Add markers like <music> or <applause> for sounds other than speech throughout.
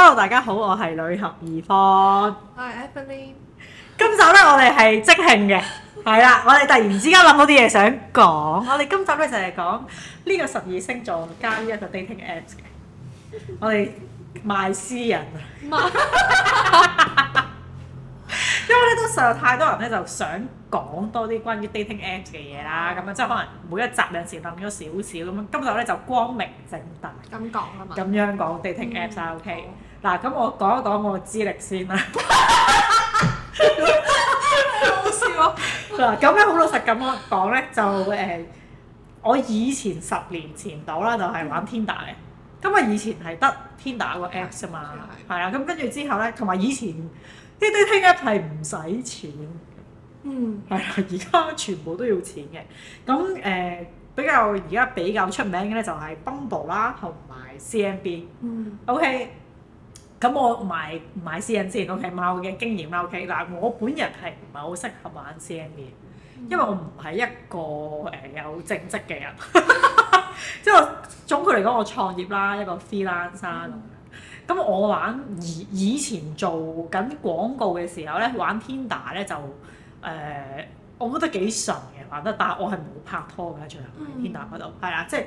Hello，大家好，我係呂合怡芳，我係 Evelyn。今集咧，我哋係即興嘅，係啦，我哋突然之間諗到啲嘢想講。我哋今集咧就係講呢個十二星座加呢一個 dating apps 嘅我哋賣私人，賣。因為咧都實在太多人咧，就想講多啲關於 dating apps 嘅嘢啦。咁樣即係可能每一集兩時諗咗少少咁樣。今集咧就光明正大咁講啊嘛。咁樣講 dating apps 係 OK。嗱咁，我講一講我資歷先啦、 <laughs> <laughs> 哎。真好笑、哦。嗱咁樣好老實咁講咧，就誒、呃，我以前十年前到啦，就係玩 Tinder 嘅。咁啊，以前係得 Tinder 個 app 啫嘛，係啊。咁 <noise> 跟住之後咧，同埋以前啲啲聽 app 係唔使錢。嗯，係啊。而家全部都要錢嘅。咁誒、呃，比較而家比較出名嘅咧，就係 Bumble 啦，同埋 CMB。嗯。O K。咁我買買 CM 先，OK 貓嘅經驗貓 K。嗱、OK? 我本人係唔係好適合玩 CM 嘅，因為我唔係一個誒、呃、有正職嘅人， <laughs> 即係總括嚟講，我創業啦，一個 freelancer，咁我玩以以前做緊廣告嘅時候咧，玩 Tinder 咧就誒、呃，我覺得幾純嘅玩得，但係我係冇拍拖嘅，最後 Tinder 嗰度，係啊、嗯，即係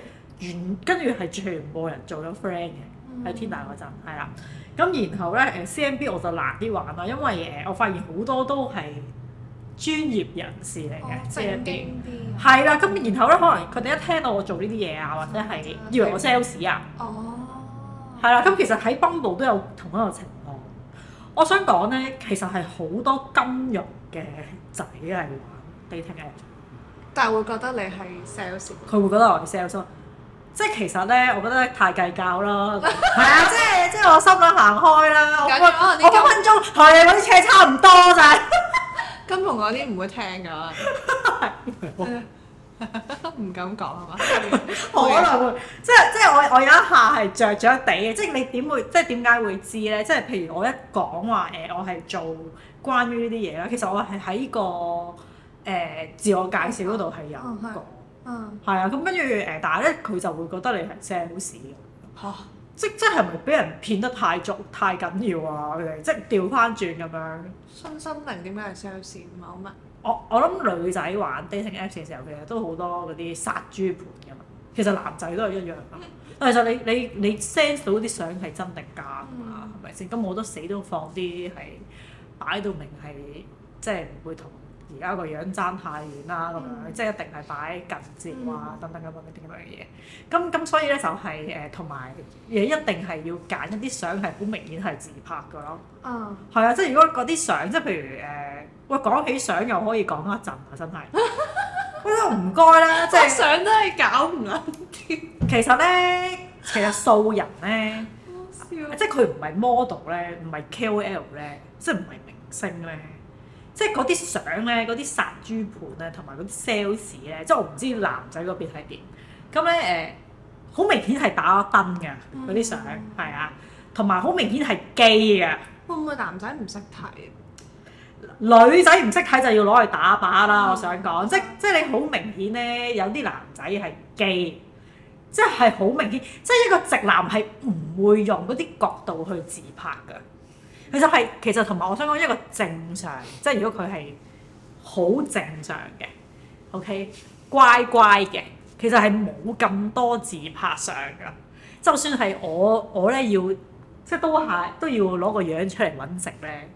完跟住係全部人做咗 friend 嘅，喺 Tinder 嗰陣，係啊、嗯。咁然後咧，誒 CMB 我就難啲玩啦，因為誒我發現好多都係專業人士嚟嘅，即係 b 啲係啦。咁的、嗯、然後咧，嗯、可能佢哋一聽到我做呢啲嘢啊，或者係以為我 sales 啊，係啦、哦。咁其實喺 Bumble 都有同一個情況。我想講咧，其實係好多金融嘅仔嚟玩 dating app 嘅，但係會覺得你係 sales，佢會覺得我係 sales，即係其實咧，我覺得太計較啦。係 <laughs> 啊，即係即係我心諗行開啦。我會你高我分分鐘同你嗰啲車差唔多咋。就係、金融嗰啲唔會聽㗎。唔 <laughs> <laughs> <laughs> 敢講係嘛？可能 <laughs> 會 <laughs> 即係即係我我有一,一下係着著地嘅。即係你點會即係點解會知咧？即係譬如我一講話誒，我係做關於呢啲嘢啦。其實我係喺、個誒、呃、自我介紹嗰度係有嗯，係啊，咁跟住誒，但係咧佢就會覺得你係 sales 吓即即係唔係俾人騙得太足太緊要啊？佢哋即係掉翻轉咁樣。新心靈點解係 sales 唔係好乜？我我諗女仔玩 dating apps 嘅時候，其實都好多嗰啲殺豬盤㗎嘛，其實男仔都係一樣㗎、嗯、其實你你你 sense 到啲相係真定假㗎嘛？係咪先？咁我都死都放啲係擺到明係即係唔會同。而家個樣爭太遠啦，咁樣即係一定係擺近照啊，等等咁樣啲咁樣嘢。咁咁所以咧就係誒，同埋嘢一定係要揀一啲相係好明顯係自拍噶咯。啊，係啊，即係如果嗰啲相即係譬如誒，喂、呃、講起相又可以講多一陣啊，真係。唔該 <laughs> 啦，即係。相真係搞唔撚掂。其實咧，其實素人咧， <laughs> 即係佢唔係 model 咧，唔係 KOL 咧，即係唔係明星咧。即係嗰啲相咧，嗰啲殺豬盤咧，同埋嗰啲 sales 咧，即係我唔知男仔嗰邊係點。咁咧誒，好、呃、明顯係打燈嘅嗰啲相，係、嗯嗯、啊，同埋好明顯係 gay 嘅。會唔會男仔唔識睇？女仔唔識睇就要攞去打靶啦！我想講、嗯，即即係你好明顯咧，有啲男仔係 gay，即係好明顯，即係一個直男係唔會用嗰啲角度去自拍嘅。佢就係其實同埋我想講一個正常，即係如果佢係好正常嘅，OK 乖乖嘅，其實係冇咁多自拍相噶。就算係我我咧要即係都係都要攞個樣出嚟揾食咧，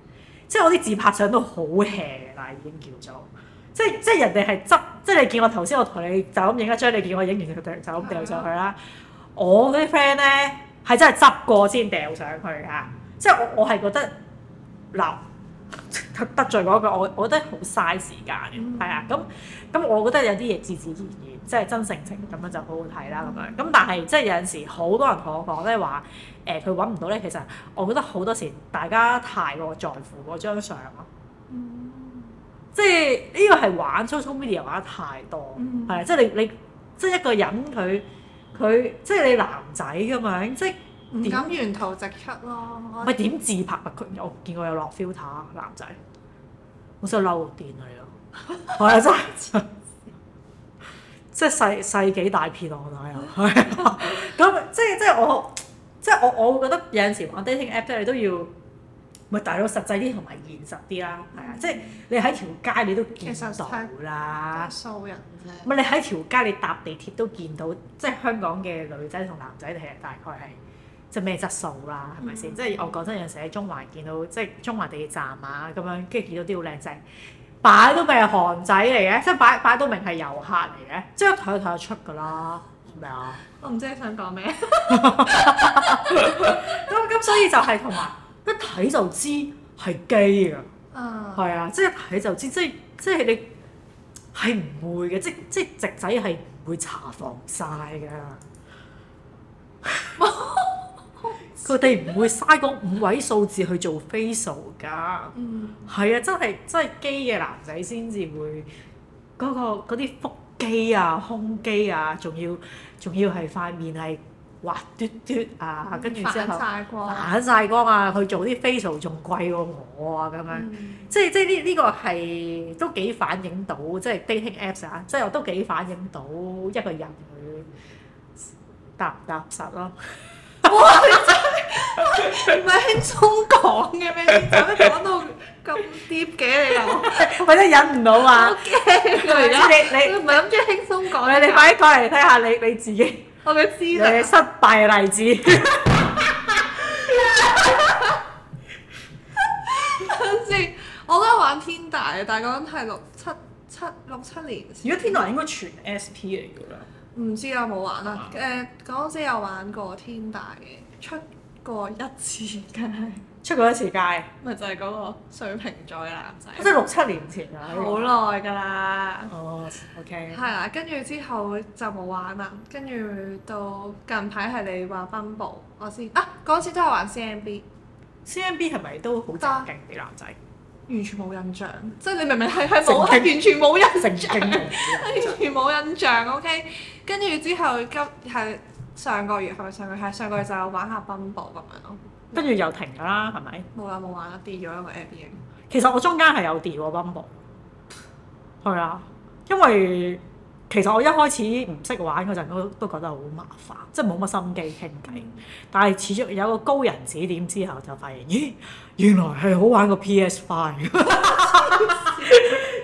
即係我啲自拍相都好 hea 啦，但已經叫做即係即係人哋係執，即係你見我頭先我同你就咁影一張，你見我影完就掉就咁掉上去啦。啊、我啲 friend 咧係真係執過先掉上去嚇。即係我我係覺得嗱，得罪嗰句，我我覺得好嘥時間嘅，係啊、嗯，咁咁我覺得有啲嘢自自然然，即係真性情咁樣就好好睇啦，咁樣、嗯。咁但係即係有陣時好多人同我講咧話，誒佢揾唔到咧，其實我覺得好多時大家太過在乎嗰張相咯，嗯、即係呢、呢個係玩 social media 玩得太多，係啊、嗯，即係你你，你即係一個人佢佢即係你男仔咁樣，即唔敢沿途直出咯。咪點自拍啊？佢我唔見過有落 filter 男仔，好想嬲電啊！你，係啊， <laughs> <laughs> 真係，即係世世紀大片我嗱又係啊，咁即係即係我即係我我會覺得有陣時玩 dating app 咧，你都要咪大佬實際啲同埋現實啲啦。係啊，即係你喺條街你都見到啦，數人啫。咪你喺條街你搭地鐵都見到，即係香港嘅女仔同男仔其實大概係。即係咩質素啦、啊，係咪先？嗯、即係我講真，有陣時喺中環見到，即係中環地鐵站啊咁樣，跟住見到啲好靚仔，擺到明係韓仔嚟嘅，即係擺擺都明係遊客嚟嘅，即一睇就睇得出㗎啦，係咪啊？我唔知你想講咩？咁咁所以就係同埋一睇就知係基啊，啊，係啊，即係一睇就知，即係即係你係唔會嘅，即即係直仔係唔會搽防曬㗎。 <laughs> 佢哋唔會嘥嗰五位數字去做 facial 㗎，係啊、嗯，真係真係基嘅男仔先至會嗰、嗰個嗰啲腹肌啊、胸肌啊，仲要仲要係塊面係滑嘟嘟啊，嗯、跟住之後煩晒光，光啊，去做啲 facial 仲貴過我啊咁、嗯、樣，即係即係呢呢個係都幾反映到，即係 dating apps 啊，即係我都幾反映到一個人會踏唔踏實咯。哇 <laughs> <laughs> 唔係 <laughs> 輕鬆講嘅咩？做咩講到咁 deep 嘅你？我真係忍唔到啊！我驚佢而家，你你唔係諗住輕鬆講？你你快過嚟睇下你你自己， <laughs> 我嘅知你嘅失敗例子。等 <laughs> 先， <laughs> <laughs> <laughs> 我都玩天大嘅，但嗰陣係六七七六七年。如果天大應該全 SP S P 嚟噶啦。唔知啊，冇玩啦。誒，嗰陣時有玩過天大嘅出。過一次街，出過一次街，咪就係嗰個水瓶座嘅男仔。即係六七年前啦、啊，好耐㗎啦。哦、oh,，OK、嗯。係啦，跟住之後就冇玩啦。跟住到近排係你話 Bumble，我先啊，嗰次 MB, 係係都係玩 CMB，CMB 係咪都好渣勁啲男仔？完全冇印象，即係 <laughs> 你明明係係冇，完全冇印象，成經 完全冇印,印, <laughs> 印象。OK，跟住之後今係。上個月係咪上個係上個月就玩下 Bumble 咁樣咯，跟住、嗯、又停咗啦，係咪？冇啦冇玩啦，跌咗一個 app 其實我中間係有跌過 Bumble，係啊，因為其實我一開始唔識玩嗰陣都都覺得好麻煩，即係冇乜心機傾偈。但係始終有個高人指點之後，就發現咦原來係好玩過 PS Five，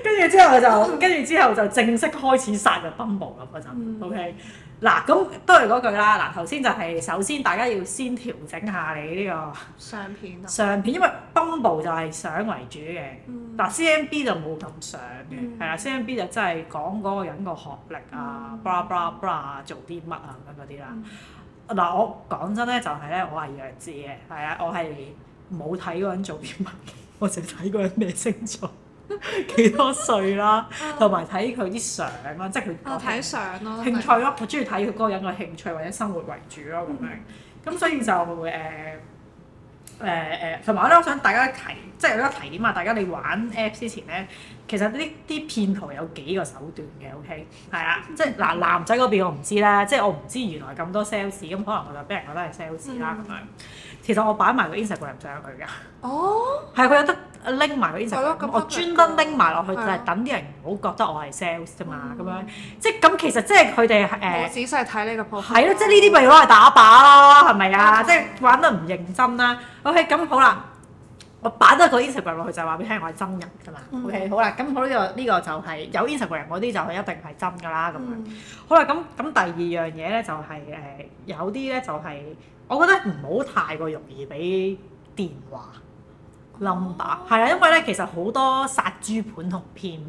跟住之後就跟住之後就正式開始殺入 Bumble 咁嗰陣，OK。嗱，咁都係嗰句啦。嗱，頭先就係、是、首先大家要先調整下你呢、這個相片相、啊、片，因為 Bumble 就係相為主嘅。嗱、嗯、，CMB 就冇咁相嘅，係啊，CMB 就真係講嗰個人個學歷啊、嗯 bl ah、，blah blah blah 做啲乜啊咁嗰啲啦。嗱、嗯，我講真咧，就係、是、咧，我係弱智嘅，係啊，我係冇睇嗰人做啲乜，嘅。我淨係睇嗰人咩星座。 <laughs> 幾多歲啦？同埋睇佢啲相啦，即係佢很。我睇相咯。興趣咯，我中意睇佢嗰個人嘅興趣或者生活為主咯，咁樣、嗯。咁所以就誒誒誒，同埋咧，呃呃、我想大家提，即係有得提點啊！大家你玩 app 之前咧，其實呢啲騙徒有幾個手段嘅，OK？係啦、嗯， <laughs> 即係嗱，男仔嗰邊我唔知啦，即係我唔知原來咁多 sales，咁可能我就俾人覺得係 sales 啦，咁樣、嗯。其實我擺埋個 Instagram 上去噶、oh?，哦，係佢有得拎埋個 Instagram、oh, 我專登拎埋落去就係等啲人唔好覺得我係 sales 啫嘛，咁、hmm. 樣即係咁其實即係佢哋誒，我、呃、只係睇呢個 post，係咯，即係呢啲咪攞嚟打靶咯，係咪啊？Yeah. 即係玩得唔認真啦。OK，咁好啦。我擺咗個 Instagram 落去就係話俾你聽我係真人㗎嘛、mm hmm.，OK 好啦，咁好呢個呢、這個就係、是、有 Instagram 嗰啲就一定係真㗎啦咁樣。Mm hmm. 好啦，咁咁第二樣嘢咧就係、是、誒、呃、有啲咧就係、是、我覺得唔好太過容易俾電話 number 係啦，因為咧其實好多殺豬盤同騙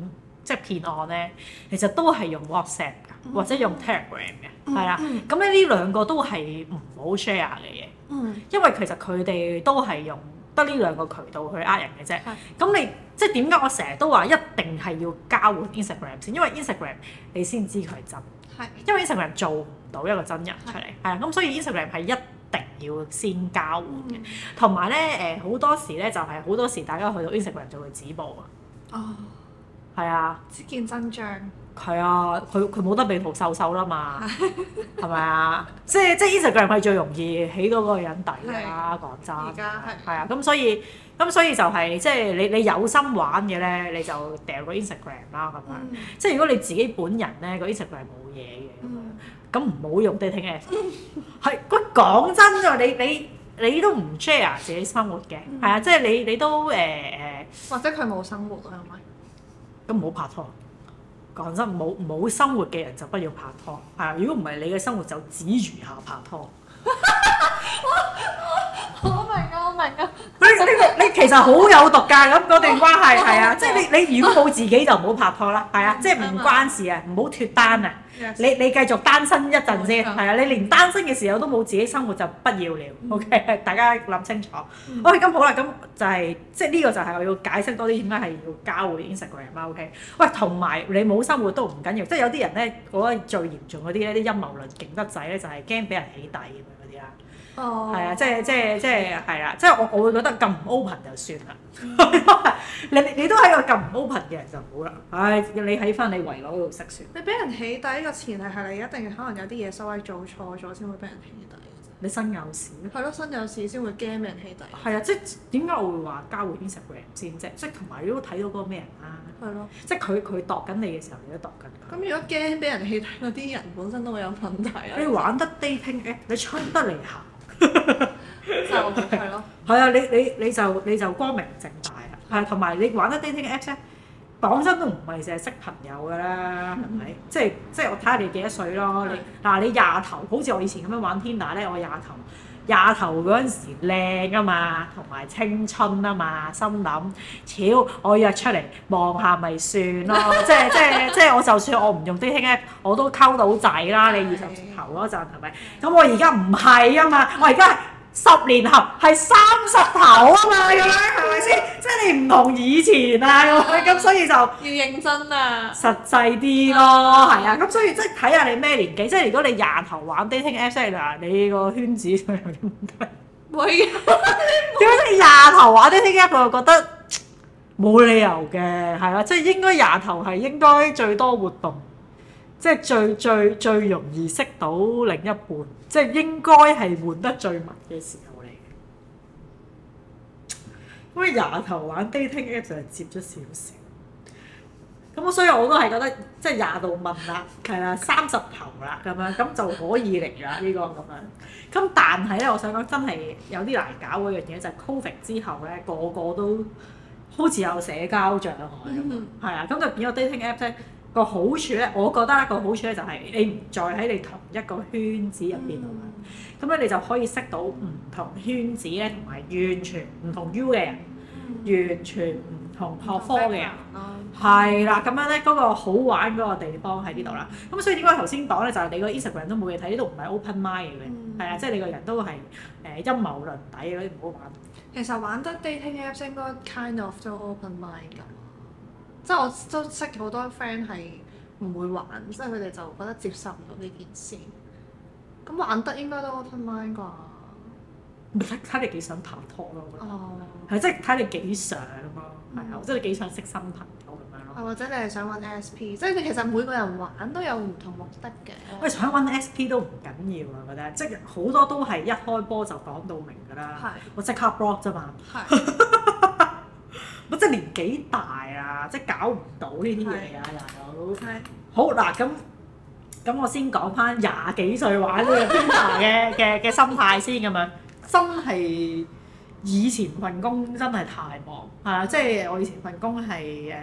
即係騙案咧，其實都係用 WhatsApp、mm hmm. 或者用 Telegram 嘅，係啦。咁咧呢兩個都係唔好 share 嘅嘢，mm hmm. 因為其實佢哋都係用得呢兩個渠道去呃人嘅啫，咁的你即係點解我成日都話一定係要交換 Instagram 先，因為 Instagram 你先知佢係真，的因為 Instagram 做唔到一個真人出嚟，係啦的，咁所以 Instagram 係一定要先交換嘅，同埋咧誒好多時咧就係、是、好多時大家去到 Instagram 就會止步啊，哦，係啊的，只見真章。係啊，佢佢冇得美圖秀秀啦嘛，係咪啊？即係即係 Instagram 係最容易起到嗰個人底啊。講真。而家係。係啊，咁所以咁所以就係即係你你有心玩嘅咧，你就掉個 Instagram 啦咁樣。嗯、即係如果你自己本人咧，Instagram 冇嘢嘅。嗯。咁唔好用 Dating Apps。係，佢講真㗎，你你你都唔 share 自己生活嘅。係啊，嗯、即係你你都誒誒。呃、或者佢冇生活啊，係咪？咁唔好拍拖。講真，冇冇生活嘅人就不要拍拖，係啊！如果唔係你嘅生活就只餘下拍拖。我明啊，我明啊。你你你其實好有毒㗎，咁嗰段關係係啊，即係你你如果冇自己就唔好拍拖啦，係啊，即係唔關事啊，唔好脫單啊。Yes. 你你繼續單身一陣先，係 <music> 啊！你連單身嘅時候都冇自己生活就不要了、mm hmm.，OK？大家諗清楚。喂、mm，咁、hmm. okay, 好啦，咁就係即係呢個就係我要解釋多啲點解係要交 Instagram 啦，OK？喂，同埋你冇生活都唔緊要，即、就、係、是、有啲人咧，我覺得最嚴重嗰啲咧，啲陰謀論勁得滯咧，就係驚俾人起底咁樣啲啦。哦，係啊、oh.，即係即係即係係啊，即係我我會覺得咁唔 open 就算啦。 <laughs> 你你你都係一個咁唔 open 嘅人就好啦。唉，你喺翻你圍內嗰度識算。你俾人起底、呢個前提係你一定可能有啲嘢稍微做錯咗先會俾人起底。你身有事。係咯，身有事先會驚俾人起底。係啊，了即係點解我會話交換 Instagram 先啫？即係同埋如果睇到嗰個咩人啦。係咯，即係佢佢度緊你嘅時候，你都度緊。咁如果驚俾人起底嗰啲人本身都會有問題、啊。你玩得 deep 嘅，你出得嚟行。就係咯，係啊，你你你就你就光明正大啦，係啊，同埋你玩得 dating apps 咧，講真都唔係淨係識朋友㗎啦，係咪、 <laughs> 即係？即係即係我睇下你幾多歲咯，你嗱的、啊、你廿頭，好似我以前咁樣玩 Tinder 咧，我廿頭。廿頭嗰陣時，靚啊嘛，同埋青春啊嘛，心諗，屌我約出嚟望下咪算咯， <laughs> 即即即我就算我唔用 dating，我都溝到仔啦。 <laughs> 你二十頭嗰陣係咪？咁 <laughs> 我而家唔係啊嘛， <laughs> 我而家。十年後係三十頭啊嘛咁樣，係咪先？ <laughs> 即係你唔同以前啦、啊、咁，所以就要認真啊！實際啲咯，係啊、 <laughs> 哦，咁所以即係睇下你咩年紀。即係如果你廿頭玩 dating app，即你個圈子有啲問題。喂，點解你廿頭玩 dating app？我就覺得冇理由嘅，係啦，即、就、係、係、應該廿頭係應該最多活動。即係最最最容易識到另一半，即係應該係換得最密嘅時候嚟。咁 <laughs> 廿頭玩 dating app 就接咗少少，咁我所以我都係覺得即係廿度問啦，係啦、 <laughs> 啊，三十頭啦咁樣，咁就可以嚟啦呢個咁樣。咁但係咧，我想講真係有啲難搞嗰樣嘢，就係、COVID 之後咧，個個都好似有社交障礙咁，係 <laughs> 啊，咁就變咗 dating app 即個好處咧，我覺得一個好處咧就係、是、你唔再喺你同一個圈子入邊啦，咁咧、嗯、你就可以識到唔同圈子咧同埋完全唔同 U 嘅人，嗯、完全唔同學科嘅人，係啦，咁、嗯、樣咧嗰、那個好玩嗰個地方喺呢度啦。咁、嗯、所以點解頭先講咧，就係、是、你個 Instagram 都冇嘢睇，呢度唔係 open mind 嘅，係啊、嗯，即係、就是、你個人都係誒、呃、陰謀論底嗰啲唔好玩。其實玩得 dating apps 應該 kind of 都 open mind 嘅。即係我都識好多 friend 係唔會玩，即係佢哋就覺得接受唔到呢件事。咁玩得應該都 open mind 啩？睇你幾想拍拖咯，我覺得。哦、oh.。係即係睇你幾想咯，係啊、嗯，即你幾想識新朋友咁樣咯、啊。或者你係想揾 SP？即係其實每個人玩都有唔同目的嘅。喂，想揾 SP 都唔緊要啊！我覺得，即係好多都係一開波就講到明㗎啦。係的。我即刻靠 block 啫嘛。係的。 <laughs> 唔即係年紀大啊，即係搞唔到呢啲嘢啊，大佬。 <music> 好嗱，咁咁我先講翻廿幾歲玩呢個嘅嘅嘅心態先咁樣，真係以前份工真係太忙嚇，即係我以前份工係誒，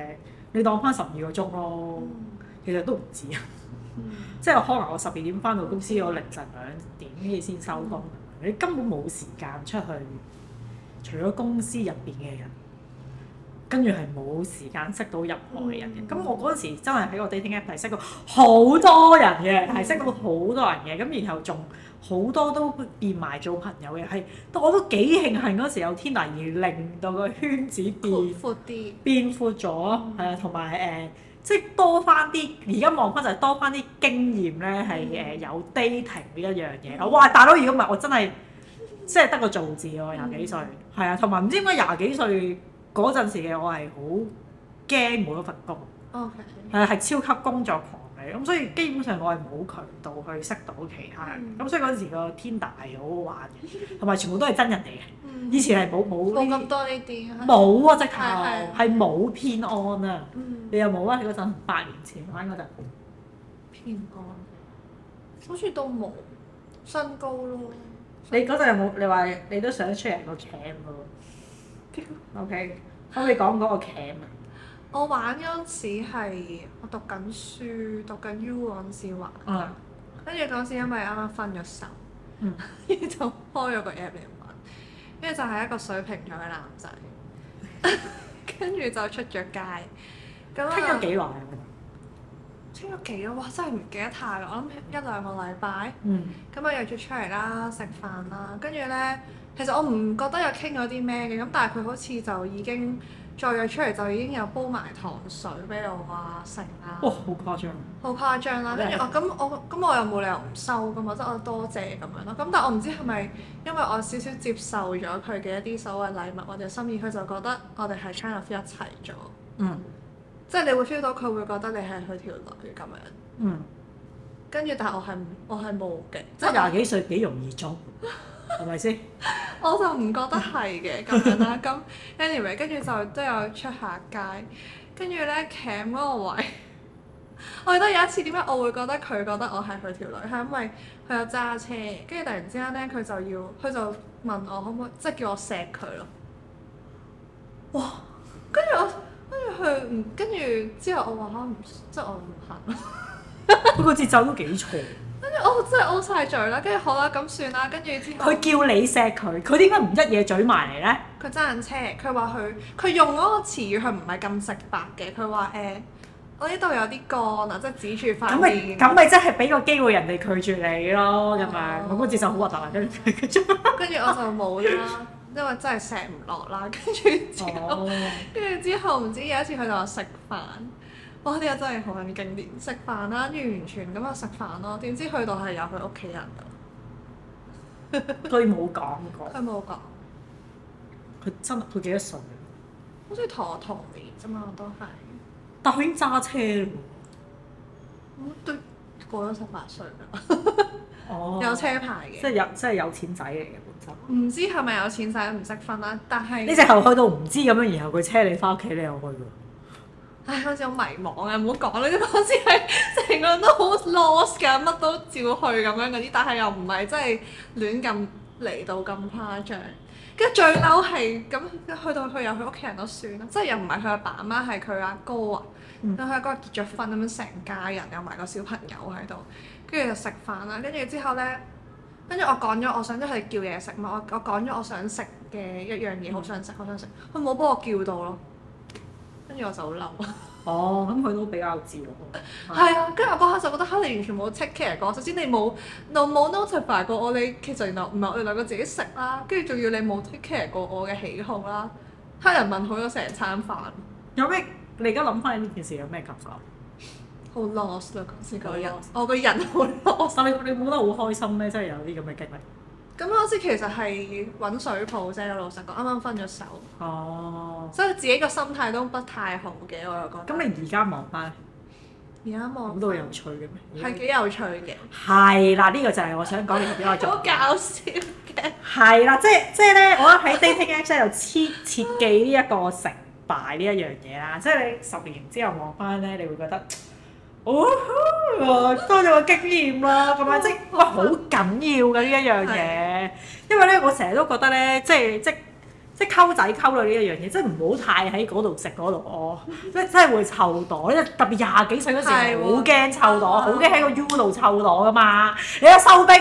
你當翻十二個鐘咯，嗯、其實都唔止啊，嗯、 <laughs> 即係可能我十二點翻到公司，我凌晨兩點先收工，嗯、你根本冇時間出去，除咗公司入邊嘅人。跟住係冇時間識到任何人嘅，咁我嗰陣時真係喺個 dating app 係識到好多人嘅，係識到好多人嘅，咁然後仲好多都變埋做朋友嘅，係我都幾慶幸嗰時有天大而令到個圈子變闊啲，變闊咗，係啊，同埋誒即係多翻啲，而家望翻就係多翻啲經驗咧，係誒有 dating 呢一樣嘢。哇，大佬如果唔係我真係即係得個造字喎，廿幾歲，係啊，同埋唔知點解廿幾歲。嗰陣時嘅我係好驚冇一份工，係係超級工作狂嚟。咁所以基本上我係冇渠道去識到其他人。咁所以嗰陣時個天大 Tinder 係好好玩嘅，同埋全部都係真人嚟嘅，以前係冇冇咁多呢啲，冇啊，即係係冇騙案啊，你又冇啊？你嗰陣八年前玩嗰陣騙案，好似都冇身高咯。你嗰陣有冇？你話你都想出嚟個 camp 喎？OK。我，你講唔講個 g a，我玩嗰陣時係我讀緊書讀緊 U 嗰陣時玩。跟住嗰陣時因為啱啱分咗手。嗯。跟住 <laughs> 就開咗個 app 嚟玩，跟住就係一個水瓶座嘅男仔，跟 <laughs> 住就出咗街。咁啊？傾咗幾耐啊？傾咗幾耐？哇！真係唔記得太耐，我諗一兩個禮拜。嗯。咁我約咗出嚟啦，食飯啦，跟住咧。其實我唔覺得有傾咗啲咩嘅，咁但係佢好似就已經再約出嚟就已經有煲埋糖水俾我啊。成啦、啊。哇、哦！好誇張。好誇張啦，跟住是我咁我咁我又冇理由唔收噶嘛，即、就、係、是、我多謝咁樣咯。咁但我唔知係咪因為我少少接受咗佢嘅一啲所謂禮物或者心意，佢就覺得我哋係 channel feel 一齊咗。嗯。即係你會 feel 到佢會覺得你係佢條女咁樣。嗯。跟住，但係我係我係冇嘅。即係廿幾歲幾容易裝？係咪先？我就唔覺得係嘅咁樣啦。咁 anyway，跟住就都有出下街，跟住咧 cam 嗰個位，我記得有一次點解我會覺得佢覺得我係佢條女，係因為佢有揸車，跟住突然之間咧佢就要，佢就問我可唔可以，即係叫我錫佢咯。哇！跟住我跟住佢，唔，跟住之後我話嚇唔，即係我唔行。不過 <laughs> <laughs> 節奏都幾嘈。跟住我真係 O 晒嘴啦，跟住好啦，咁算啦，跟住佢叫你錫佢，佢點解唔一嘢嘴埋嚟呢？佢揸緊車，佢話佢佢用嗰個詞語佢唔係咁直白嘅，佢話誒我呢度有啲乾啊，即係指住塊面。咁咪咁咪即係俾個機會人哋拒絕你咯，係咪，oh.？我嗰個節奏好核突啊，跟住跟住。我就冇啦，因為真係錫唔落啦。跟住跟住之後唔、oh. 知，知有一次佢同我食飯。哇！呢嘢真係好撚經典，食飯啦，跟住完全咁啊食飯咯，點知去到係有佢屋企人啦，佢冇講。佢冇講。佢真，佢幾多歲？好似同我同年啫嘛，都係。但係佢已經揸車嘞喎。嗯，對，過咗十八歲啦。哦。 <laughs> Oh, 有車牌嘅。即係有，即係有錢仔嚟嘅本身。唔知係咪有錢仔唔識分啦？但係。呢隻猴去到唔知咁樣，然後佢車你翻屋企，你又去喎。係，好似好迷茫嘅、啊，唔好講啦，嗰陣時係成個人都好 lost 嘅，乜都照去咁樣嗰啲，但係又唔係真係亂咁嚟到咁誇張。跟住最嬲係咁去到去又佢屋企人都算啦，即係又唔係佢阿爸阿媽，係佢阿哥啊，就佢阿哥結咗婚咁樣成家人，有埋個小朋友喺度，跟住就食飯啦。跟住之後咧，跟住我講咗我想出去叫嘢食嘛，我我講咗我想食嘅一樣嘢，嗯，好想食，好想食，佢冇幫我叫到咯。跟住我就好嬲哦，咁佢都比較自我。係、 <laughs> 嗯、啊，跟住我嗰刻就覺得嚇你完全冇 take care 過。首先你冇 no 冇 notify 過我你其實原來唔係我哋兩個自己食啦，跟住仲要你冇 take care 過我嘅喜好啦。黑人問好咗成餐飯，有咩？你而家諗翻呢件事有咩感覺？好 <laughs> lost 啊！嗰時個人。我個人好，lost <laughs> 你你冇得好開心咩？真係有啲咁嘅經歷。咁嗰次其實係揾水泡啫，老實講，啱啱分咗手，哦，oh。所以自己個心態都不太好嘅，我又覺得。咁你而家望翻？而家望。好多麼有趣嘅咩？係幾有趣嘅。係啦，呢、呢個就係我想講嘅比較。 <laughs> 好搞笑嘅。係啦，即係即係咧，我喺 dating app 咧就設設計呢一個成敗呢一樣嘢啦， <laughs> 即係你十年之後望翻咧，你會覺得。哦，多咗個經驗啦，咁樣即係哇，好緊要嘅呢一樣嘢，對因為咧我成日都覺得咧，即係即即係溝仔溝女呢一樣嘢，即係唔好太喺嗰度食嗰度屙，即係真係會臭袋，特別廿幾歲嗰時好驚臭袋，哦、好驚喺個 U 度臭袋噶嘛，你阿收兵。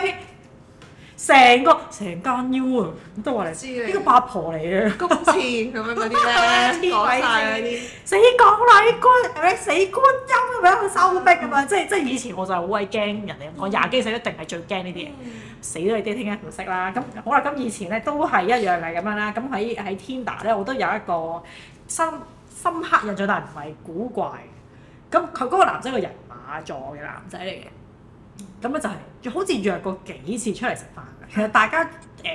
成個成間腰啊，都話你知，呢個八婆嚟嘅，谷妾，咁樣嗰啲咧，鬼，曬嗰啲死講禮官，咁樣死官音咁樣去收逼咁樣，即係即係以前我就係好鬼驚人哋、嗯、我廿幾歲一定係最驚呢啲嘢，嗯、死都係啲聽唔識啦。咁好啦，咁以前咧都係一樣係咁樣啦。咁喺喺 Tinder 咧，我都有一個深深刻印象，但係唔係古怪。咁佢嗰個男仔係人馬座嘅男仔嚟嘅。咁啊就係、係、好似約過幾次出嚟食飯嘅，其實大家誒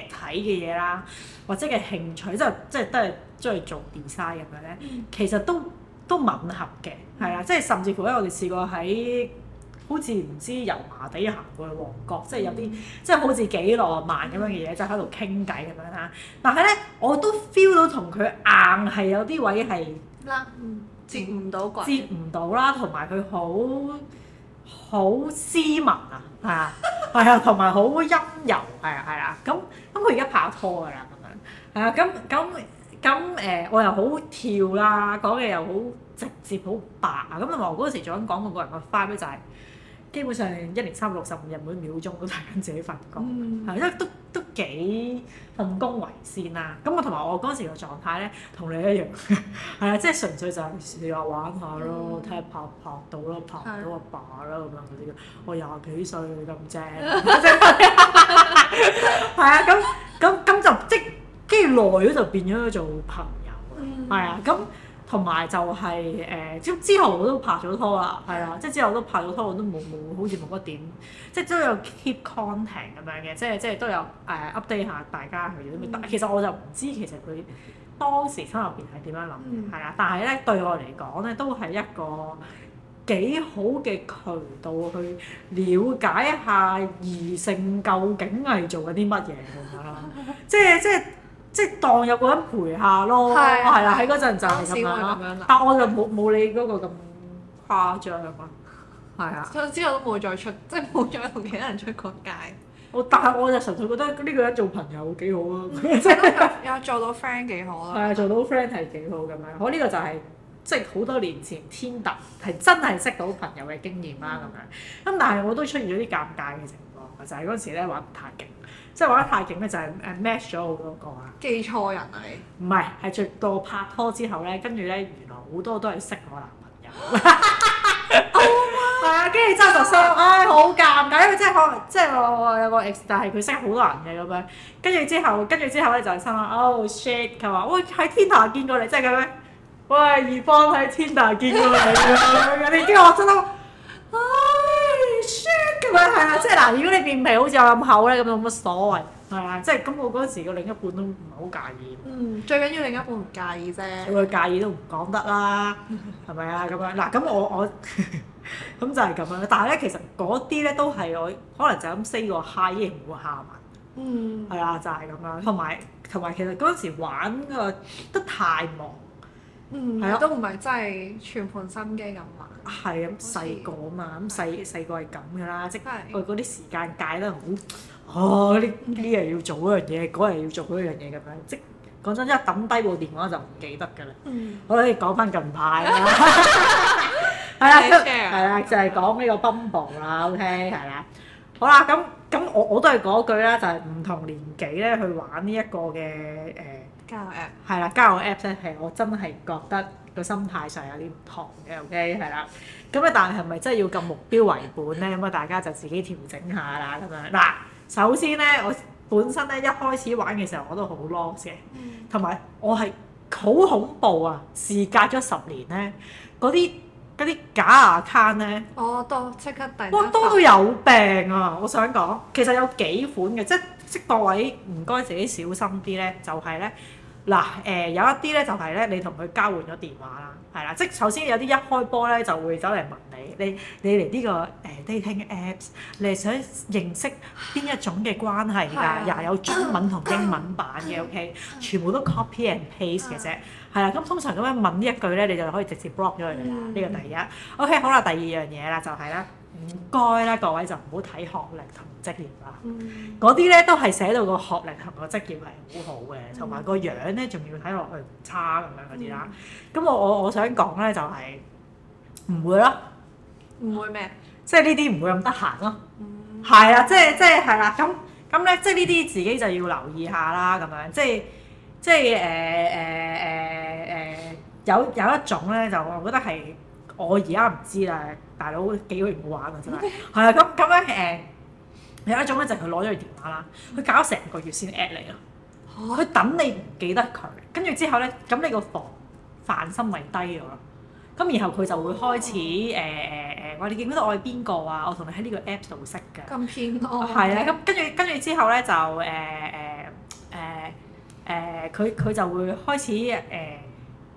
睇嘅嘢啦，或者嘅興趣即係即係都係中意做 design 咁樣咧，其實都都吻合嘅，係啊、嗯，即係甚至乎咧，我哋試過喺好似唔知油麻地行過去旺角，嗯、即係有啲、嗯、即係好似幾浪漫咁樣嘅嘢，嗯、就喺度傾偈咁樣啦。但係咧，我都 feel 到同佢硬係有啲位係、嗯、啦，接唔到，接唔到啦，同埋佢好。好斯文啊，係啊，係啊，同埋好陰柔，係啊，係啊，咁咁佢而家拍拖噶啦咁樣，係啊，咁咁咁誒，我又好跳啦，講嘢又好直接，好白啊，咁同埋我嗰陣時做緊廣告個人嘅花邊就係、是。基本上一年三百六十五日，每秒鐘都睇緊自己份工，係因為都都幾份工為先啦。咁我同埋我嗰陣時嘅狀態咧，同你一樣，係 <laughs> 啊，即係純粹就係試下玩下咯，睇下、嗯、拍拍到咯，拍唔到阿爸啦咁、嗯、樣啲我廿幾歲咁正，係啊，咁咁咁就即係跟住耐咗就變咗做朋友，係啊、嗯，咁、嗯。同埋就係、是、誒，之、呃、之後我都拍咗拖啦，係啊，即係之後我都拍咗拖了，我都冇冇好似冇乜點，即係都有 keep content 咁樣嘅，即係即係都有誒 update 下大家去，但其實我就唔知其實佢當時心入邊係點樣諗，係啊、嗯，但係咧對我嚟講咧都係一個幾好嘅渠道去了解一下異性究竟係做緊啲乜嘢嘅，即係即係。即係當有個人陪下咯，係啊，喺嗰陣就係咁樣啦。樣但我就冇冇、啊、你嗰個咁誇張啊，係啊。之後都冇再出，即係冇再同其他人出過街。我但係我就純粹覺得呢個人做朋友幾好啊，即係都做到 friend 幾好啊。係 <laughs> 啊，做到 friend 係幾好咁樣。我呢、呢個就係、是、即係好多年前天特，係真係識到朋友嘅經驗啦咁樣。咁、嗯、但係我都出現咗啲尷尬嘅情況，就係、是、嗰時咧玩唔太勁。即係玩得太勁咧，就係 match 咗好多個啊！記錯人啊你？唔係，係做到拍拖之後咧，跟住咧原來好多都係識我男朋友。 <laughs> <laughs> o、oh、my. 啊，跟住之後就生，唉、哎，好尷尬。因佢即係可能即係我話有個 ex 但係佢識好多人嘅咁樣。跟住之後，跟住之後咧就係生啦。Oh、哦、shit！佢話喂喺 Tinder 見過你，即係咁樣。喂，Evelyn 喺 Tinder 見過你 <laughs> 樣啊！咁你知我生到啊？咁啊，係 <noise> 啊，即係嗱，如果你面皮好似我咁厚咧，咁有乜所謂？係啊，即係咁，那我嗰陣時個另一半都唔係好介意。嗯，最緊要另一半唔介意啫。佢介意都唔講得、嗯、啦，係咪啊？咁 <laughs> 樣嗱，咁我我咁就係咁樣。但係咧，其實嗰啲咧都係我可能就咁 say 個 high 型會下文。嗯。係啊、嗯，就係咁樣。同埋同埋，其實嗰陣時玩個都太忙，嗯，啊吧，都唔係真係全盤心機咁玩。係咁細個啊嘛，咁細細個係咁噶啦，即係嗰嗰啲時間界得好，啊呢呢樣要做嗰樣嘢，嗰樣要做嗰樣嘢咁樣，即係講真，一抌低部電話就唔記得㗎啦。可以講翻近排啦，係啦係啦，就係講呢個 Bumble 啦。OK，係啦。好啦，咁咁我我都係講句啦，就係唔同年紀咧去玩呢一個嘅誒。加 app，係啦，加我 Apps 咧，係我真係覺得個心態上有啲唔同嘅，OK，係啦。咁咧，但係係咪真係要咁目標為本咧？咁啊，大家就自己調整下啦，咁樣嗱。首先咧，我本身咧一開始玩嘅時候我都好 lost 嘅、嗯，同埋我係好恐怖啊！事隔咗十年咧，嗰啲啲假 account 咧，哦，多即刻第一，哇，多到有病啊！我想講，其實有幾款嘅，即係識各位唔該自己小心啲咧，就係、是、咧。嗱，誒、呃、有一啲咧就係咧，你同佢交換咗電話啦，係啦，即係首先有啲一,一開波咧就會走嚟問你，你你嚟呢、呢個誒、呃、dating apps，你係想認識邊一種嘅關係㗎？ <laughs> 又有中文同英文版嘅，OK， <laughs> 全部都 copy and paste 嘅啫，係啦， <laughs> 咁通常咁樣問呢一句咧，你就可以直接 block 咗佢啦。呢、嗯、個第一，OK，好啦，第二樣嘢啦就係、係、啦。唔該咧，各位就唔好睇學歷同職業啦。嗰啲咧都係寫到個學歷同個職業係好好嘅，同埋個樣咧仲要睇落去唔差咁樣嗰啲啦。咁、嗯、我我我想講咧就係、是、唔會咯，唔會咩？即係呢啲唔會咁得閒咯。係啊，即係即係係啦。咁咁咧，即係呢啲自己就要留意下啦。咁樣即係即係誒誒誒誒，有有、有一種咧就我覺得係。我而家唔知啦，大佬幾個月冇玩噶，真係，係啊，咁咁樣誒有一種咧就係佢攞咗你電話啦，佢搞成個月先 at 你咯，佢、oh. 等你唔記得佢，跟住之後咧，咁你個防範心咪低咗咯，咁然後佢就會開始誒誒誒，我哋、oh. 呃、記唔記得我係邊個啊？我同你喺呢個 app 度識㗎。咁偏多。係啊，咁跟住跟住之後咧就誒誒誒誒，佢、呃、佢、呃呃呃呃、就會開始誒、呃、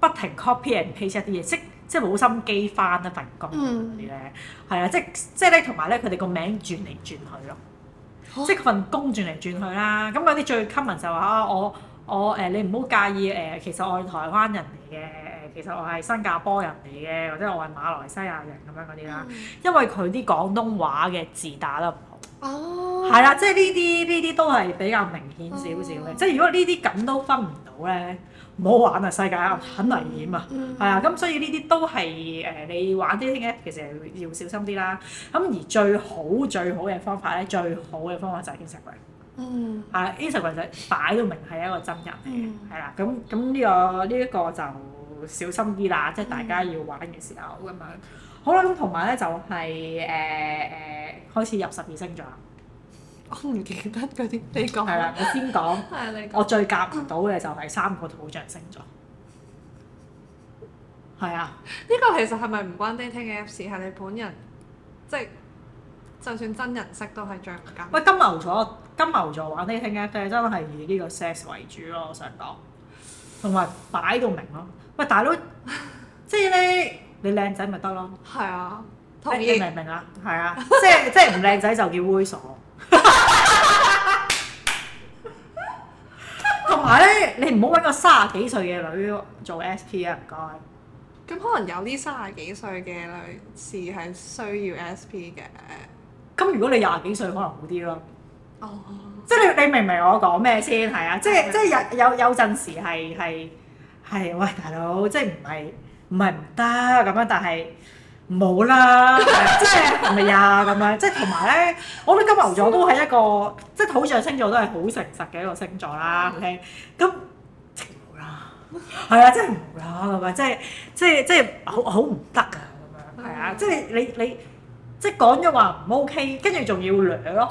不停 copy and paste 一啲嘢，即即係冇心機返一份工嗰啲咧，係、嗯、啊！即係即係咧，同埋咧，佢哋個名轉嚟轉去咯，即係份工轉嚟轉去啦。咁有啲最 common 就話啊，我我誒、呃，你唔好介意誒、呃，其實我係台灣人嚟嘅、呃，其實我係新加坡人嚟嘅，或者我係馬來西亞人咁樣嗰啲啦。嗯、因為佢啲廣東話嘅字打得唔好。哦，係啦、oh.，即係呢啲呢啲都係比較明顯少少嘅，oh. 即係如果呢啲咁都分唔到咧，唔好玩啊，世界啊，很危險啊，係啊、mm，咁、hmm. 嗯、所以呢啲都係誒、呃、你玩 dating app 其實要小心啲啦。咁、嗯、而最好最好嘅方法咧，最好嘅方，方法就係 Instagram。嗯、hmm.。Instagram 就擺到明係一個真人嚟嘅，係啦、mm。咁咁呢個呢一、這個就小心啲啦，mm hmm. 即係大家要玩嘅時候咁樣。Mm hmm. 好啦，咁同埋咧就係誒誒開始入十二星座。我唔記得嗰啲，你講。係啦， <laughs> 我先講。係啊，你。我最夾唔到嘅就係三個土象星座。係、嗯、啊。呢個其實係咪唔關 dating 嘅 Apps 係你本人？即、就、係、是、就算真人識都係最唔夾。喂，金牛座，金牛座玩 dating Apps 真係以呢個 sex 為主咯，我想講。同埋擺到明咯，喂大佬， <laughs> 即係你。你靚仔咪得咯，係啊、欸，你明唔明啊？係啊， <laughs> 即係即係唔靚仔就叫猥瑣，同埋咧，你唔好揾個三十幾歲嘅女做 SP 啊！唔該。咁可能有啲三十幾歲嘅女士係需要 SP 嘅。咁如果你廿幾歲，可能好啲咯。哦，即係你你明唔明我講咩先係啊？即係對、嗯、即係有有有陣時係係係喂大佬，即係唔係？唔係唔得咁樣，但係冇啦，即係係咪呀？咁樣即係同埋咧，我覺得金牛座都係一個 <laughs> 即係土象星座都係好誠實嘅一個星座啦。OK，咁啦，係啊、嗯，真係冇啦，係咪？即係即係即係好好唔得啊！咁樣係啊，即係你、啊啊嗯、你。你你即係講咗話唔 OK，跟住仲要掠咯，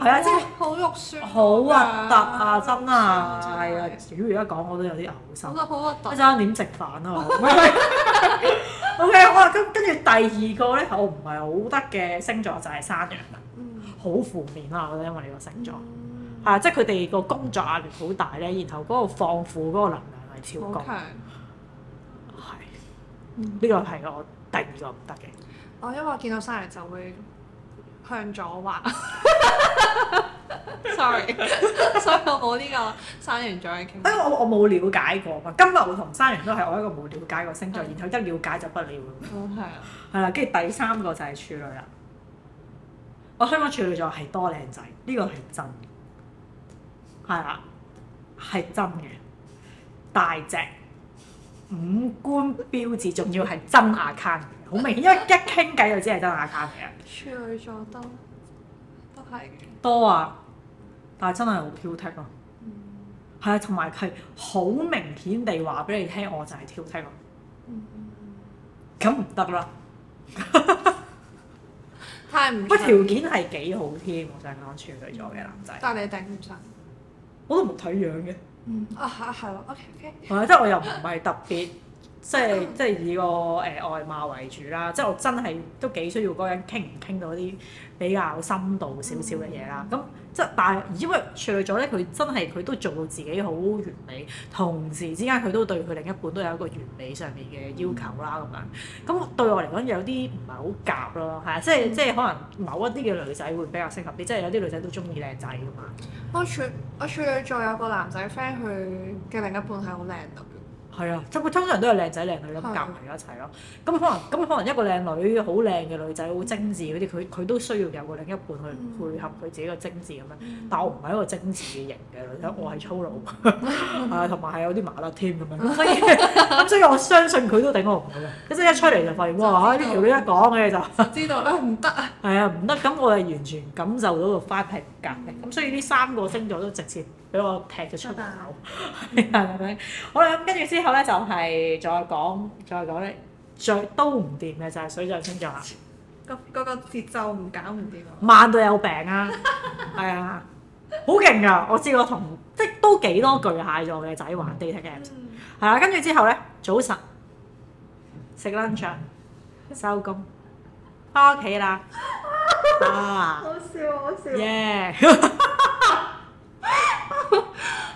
係啊，即係好肉酸，好核突啊！真啊，係啊，如果而家講，我都有啲嘔心，真係好核突。一陣間點食飯啊嘛？OK，我跟跟住第二個咧，我唔係好得嘅星座就係山羊啦，好負面啦，我覺得因為呢個星座嚇，即係佢哋個工作壓力好大咧，然後嗰個放負嗰個能量係超高。係呢個係我第二個唔得嘅。我、哦、因為見到山羊就會向左滑 <laughs> ，sorry， <laughs> <laughs> 所以我呢個山羊座嘅傾向。哎呀，我我冇了解過嘛，今日我同山羊都係我一個冇了解過星座，然後一了解就不了解。哦，係啊。係啦，跟住第三個就係處女啦。我香港處女座係多靚仔，呢、這個係真嘅，係啊，係真嘅，大隻，五官標緻，仲要係真 account 好 <laughs> 明顯，因為一傾偈就知係渣男咖嚟啊！處女座都都係多啊，但係真係好挑剔啊，係啊、嗯，同埋係好明顯地話俾你聽，我就係挑剔啊，咁唔得啦， <laughs> 太唔得，不過 <laughs> 條件係幾好添，我想講處女座嘅男仔，但係你頂唔順，我都唔睇樣嘅，嗯啊係啊係喎，OK OK，係即係我又唔係特別。 <laughs> <laughs> 即係即係以個誒、呃、外貌為主啦，即係我真係都幾需要嗰個人傾唔傾到啲比較深度少少嘅嘢啦。咁、嗯、即係但係因為處女座咧，佢真係佢都做到自己好完美，同時之間佢都對佢另一半都有一個完美上面嘅要求啦。咁樣咁對我嚟講有啲唔係好夾咯，係啊、嗯，即係即係可能某一啲嘅女仔會比較適合啲，即係有啲女仔都中意靚仔㗎嘛我。我處我處女座有個男仔 friend，佢嘅另一半係好靚女。係啊，通常都係靚仔靚女咁夾埋一齊咯。咁 <music> 可能咁可能一個靚女好靚嘅女仔好精緻啲，佢佢都需要有個另一半去配合佢自己嘅精緻咁樣。但我唔係一個精緻嘅型嘅女仔，我係粗魯啊，同埋係有啲麻甩添咁樣。嗯、 <laughs> 所以咁、嗯、所以我相信佢都頂我唔到嘅。即一出嚟就發現 <laughs> 哇！呢條女一講嘅就知道唔得啊。係啊，唔得、啊。咁、嗯、我係完全感受到個 fire p 隔嘅。咁、嗯、所以呢三個星座都直接。俾我踢咗出嚟，係咪？好啦，咁跟住之後咧就係再講，再講咧，最都唔掂嘅就係水象星座啦。個個個節奏唔搞唔掂啊！慢到有病啊！係啊，好勁啊！我試過同即係都幾多巨蟹座嘅仔玩 dating apps，係啦。跟住之後咧，早晨食 lunch，收工翻屋企啦。啊！好笑，好笑。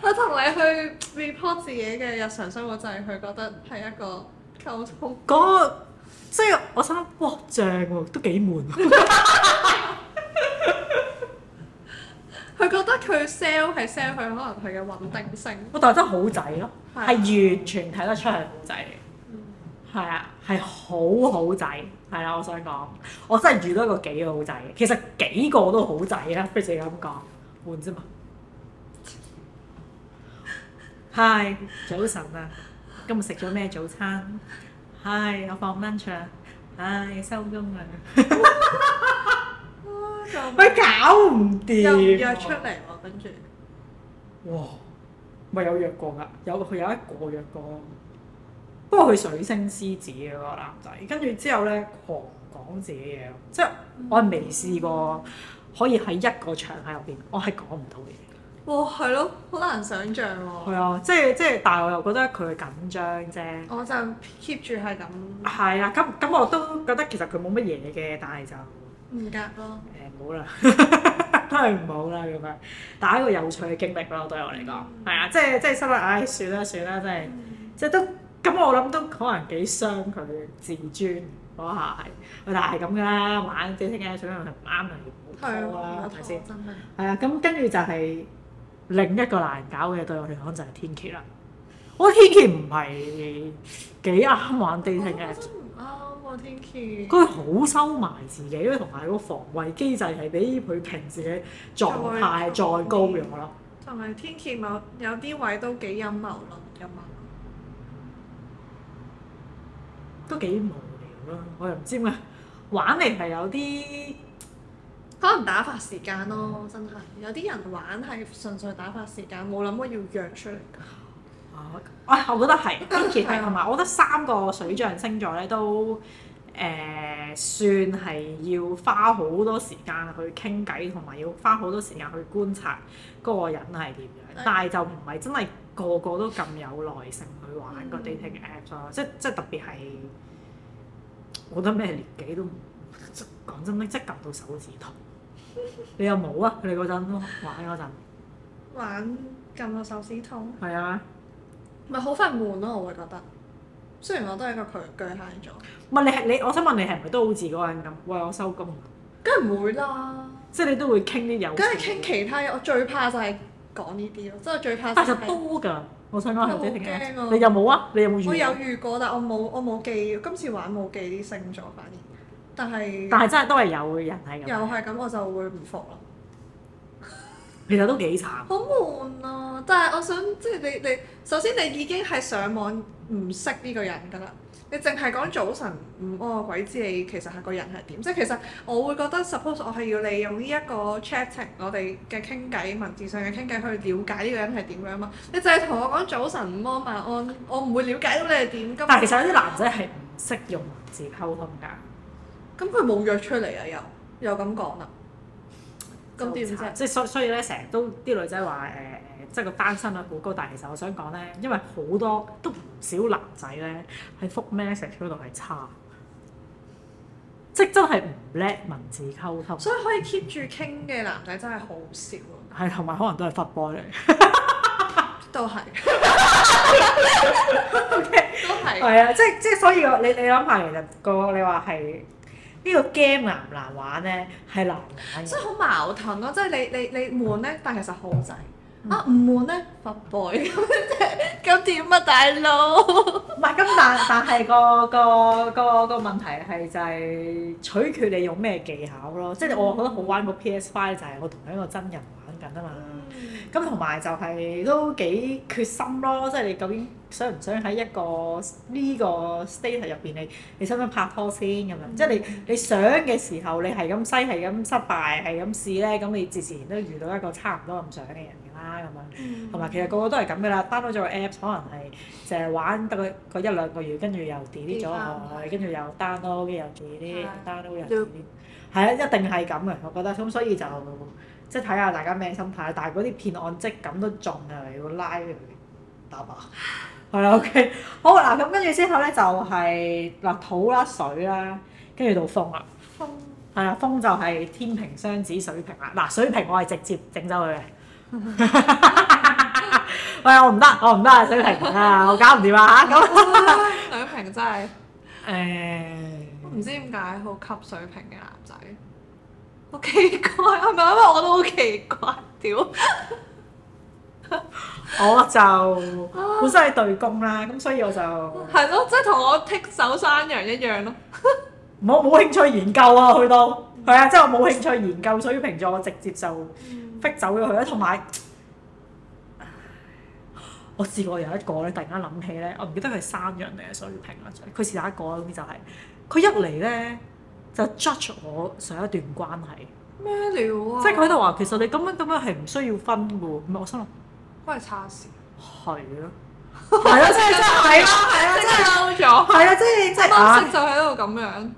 我同 <laughs> 你去 report 自己嘅日常生活，就係佢覺得係一個溝通。嗰、那個即係我心諗哇正喎，啊，都幾悶。佢覺得佢 sell 係 sell 佢，可能佢嘅穩定性。但係真係好仔咯，啊，係、啊、完全睇得出係好仔。嗯，係啊，係好好仔，係啊，我想講，我真係遇到一個幾好仔嘅，其實幾個都好仔啊，不如自己咁講，換啫嘛。嗨，Hi, 早晨啊，今日食咗咩早餐？嗨，我放 lunch，唉，收工啦。咪搞唔掂？又約出嚟喎，跟住。哇，咪有約過噶？有佢有一個約過，不過佢水星獅子嘅個男仔，跟住之後咧，狂講自己嘢，嗯、即係我係未試過可以喺一個場喺入邊，我係講唔到嘢。哇，係咯，好難想像喎！係啊，即係即係，但係我又覺得佢緊張啫。我就 keep 住係咁。係啊，咁咁我都覺得其實佢冇乜嘢嘅，但係就唔得咯。誒，唔好啦，都係唔好啦咁樣。但係一個有趣嘅經歷咯，對我嚟講。係啊，即係即係心諗，唉，算啦算啦，真係，即係都咁我諗都可能幾傷佢自尊嗰下係，但係咁㗎啦，玩正式嘅，最緊要唔啱啊，睇先啊，咁跟住就係。另一個難搞嘅對我嚟講就係天蠍啦，我、哦、天蠍唔係幾啱玩 dating 嘅，真唔啱玩天蠍。佢好收埋自己，因為同埋個防衛機制係比佢平時嘅狀態係再高咗咯。同埋天蠍咪有啲位都幾陰謀咯，陰謀。都幾無聊咯，我又唔知點解玩嚟係有啲。可能打發時間咯，嗯、真係有啲人玩係純粹打發時間，冇諗過要約出嚟。哦、啊，啊、哎，我覺得係，同埋 <laughs> 我覺得三個水象星座咧都誒、呃、算係要花好多時間去傾偈，同埋要花好多時間去觀察嗰個人係點樣。嗯、但係就唔係真係個個都咁有耐性去玩個 dating app 咯、嗯，即係即係特別係，我覺得咩年紀都講真啲，即係撳到手指痛。 <laughs> 你又冇啊？你嗰陣玩嗰陣，玩撳個手指痛。係啊。咪好快悶咯，我會覺得。雖然我都係個巨蟹座。咪你係你，我想問你係唔係都好似嗰人咁喂，我收工啊？梗唔會啦。即係你都會傾啲有。梗係傾其他嘢，我最怕就係講呢啲咯，即係最怕。就多㗎，我想講係你、啊、你有冇啊？你有冇遇過？我有遇過，但我冇，我冇記。今次玩冇記啲星座反應。但係，但係真係都係有嘅人係咁。又係咁，我就會唔服咯。 <laughs> 其實都幾慘。 <laughs> 好悶啊。但係我想，即係你你，首先你已經係上網唔識呢個人㗎啦。你淨係講早晨午安、哦，鬼知你其實係個人係點？即係其實我會覺得 suppose 我係要利用呢一個 chatting 我哋嘅傾偈文字上嘅傾偈去了解呢個人係點樣嘛。你淨係同我講早晨午安晚安，我唔會了解到你係點。但係其實有啲男仔係唔識用文字溝通㗎。咁佢冇約出嚟啊！又又咁講啦，咁點啫？即係所所以咧，成日都啲女仔話誒誒，即係個單身率好高，但係其實我想講咧，因為好多都唔少男仔咧，喺覆 message <laughs> 嗰度係差，即係真係唔叻文字溝通，所以可以 keep 住傾嘅男仔真係好少啊！係，同埋可能都係 fat boy 嚟，都係，都係，係啊！即係即係，所以你你諗下，其實個你話係。個男男呢個 game 難唔難玩咧？係難。所以好矛盾咯、啊，即係你你你悶咧，嗯、但其實好滯。嗯、啊唔悶咧 fuck boy，咁點啊大佬？唔係，咁但但係、那個 <laughs> 個個個問題係就係取決你用咩技巧咯。即係、嗯、我覺得好玩個 PS5 就係我同一個真人玩。近啊嘛，咁同埋就係都幾決心咯，即係你究竟想唔想喺一個呢個 state 入邊，你你想唔想拍拖先咁樣？即係你你想嘅時候，你係咁犀係咁失敗，係咁試咧，咁你自然都遇到一個差唔多咁想嘅人啦，咁樣同埋其實個個都係咁噶啦，download 咗個 apps，可能係就係玩得佢一兩個月，跟住又 delete 咗，跟住又 download，跟住又 delete，download 又 delete，係啊，一定係咁嘅，我覺得咁所以就。即係睇下大家咩心態，但係嗰啲騙案即咁都中啊！要拉佢打靶啊，係啦 <laughs> ，OK，好嗱，咁跟住之後咧就係嗱土啦水啦，跟住到風啦風，風係啊風就係天秤雙子水瓶啦，嗱水瓶我係直接整走佢嘅， <laughs> <laughs> 喂，我唔得，我唔得啊，水瓶啊，我搞唔掂啊嚇咁、 <laughs> 哎、 <laughs> 水瓶真係我唔知點解好吸水瓶嘅男仔。好奇怪，係咪？因為我都好奇怪，屌！我就本身係對公啦，咁所以我就係咯，即係同我剔走山羊一樣咯。冇冇興趣研究啊，去到係啊，即係我冇興趣研究水瓶座，我直接就剔走咗佢啦。同埋我試過有一個咧，突然間諗起咧，我唔記得佢係山羊定係水瓶啦，佢試下第一個咁就係佢一嚟咧，就 judge 我上一段關係咩料啊！即係佢喺度話，其實你咁樣咁樣係唔需要分嘅喎。唔係我心諗，真係差事係咯，係咯，真係真係係咯，係咯，真係嬲咗，係咯，即係即係就喺度咁樣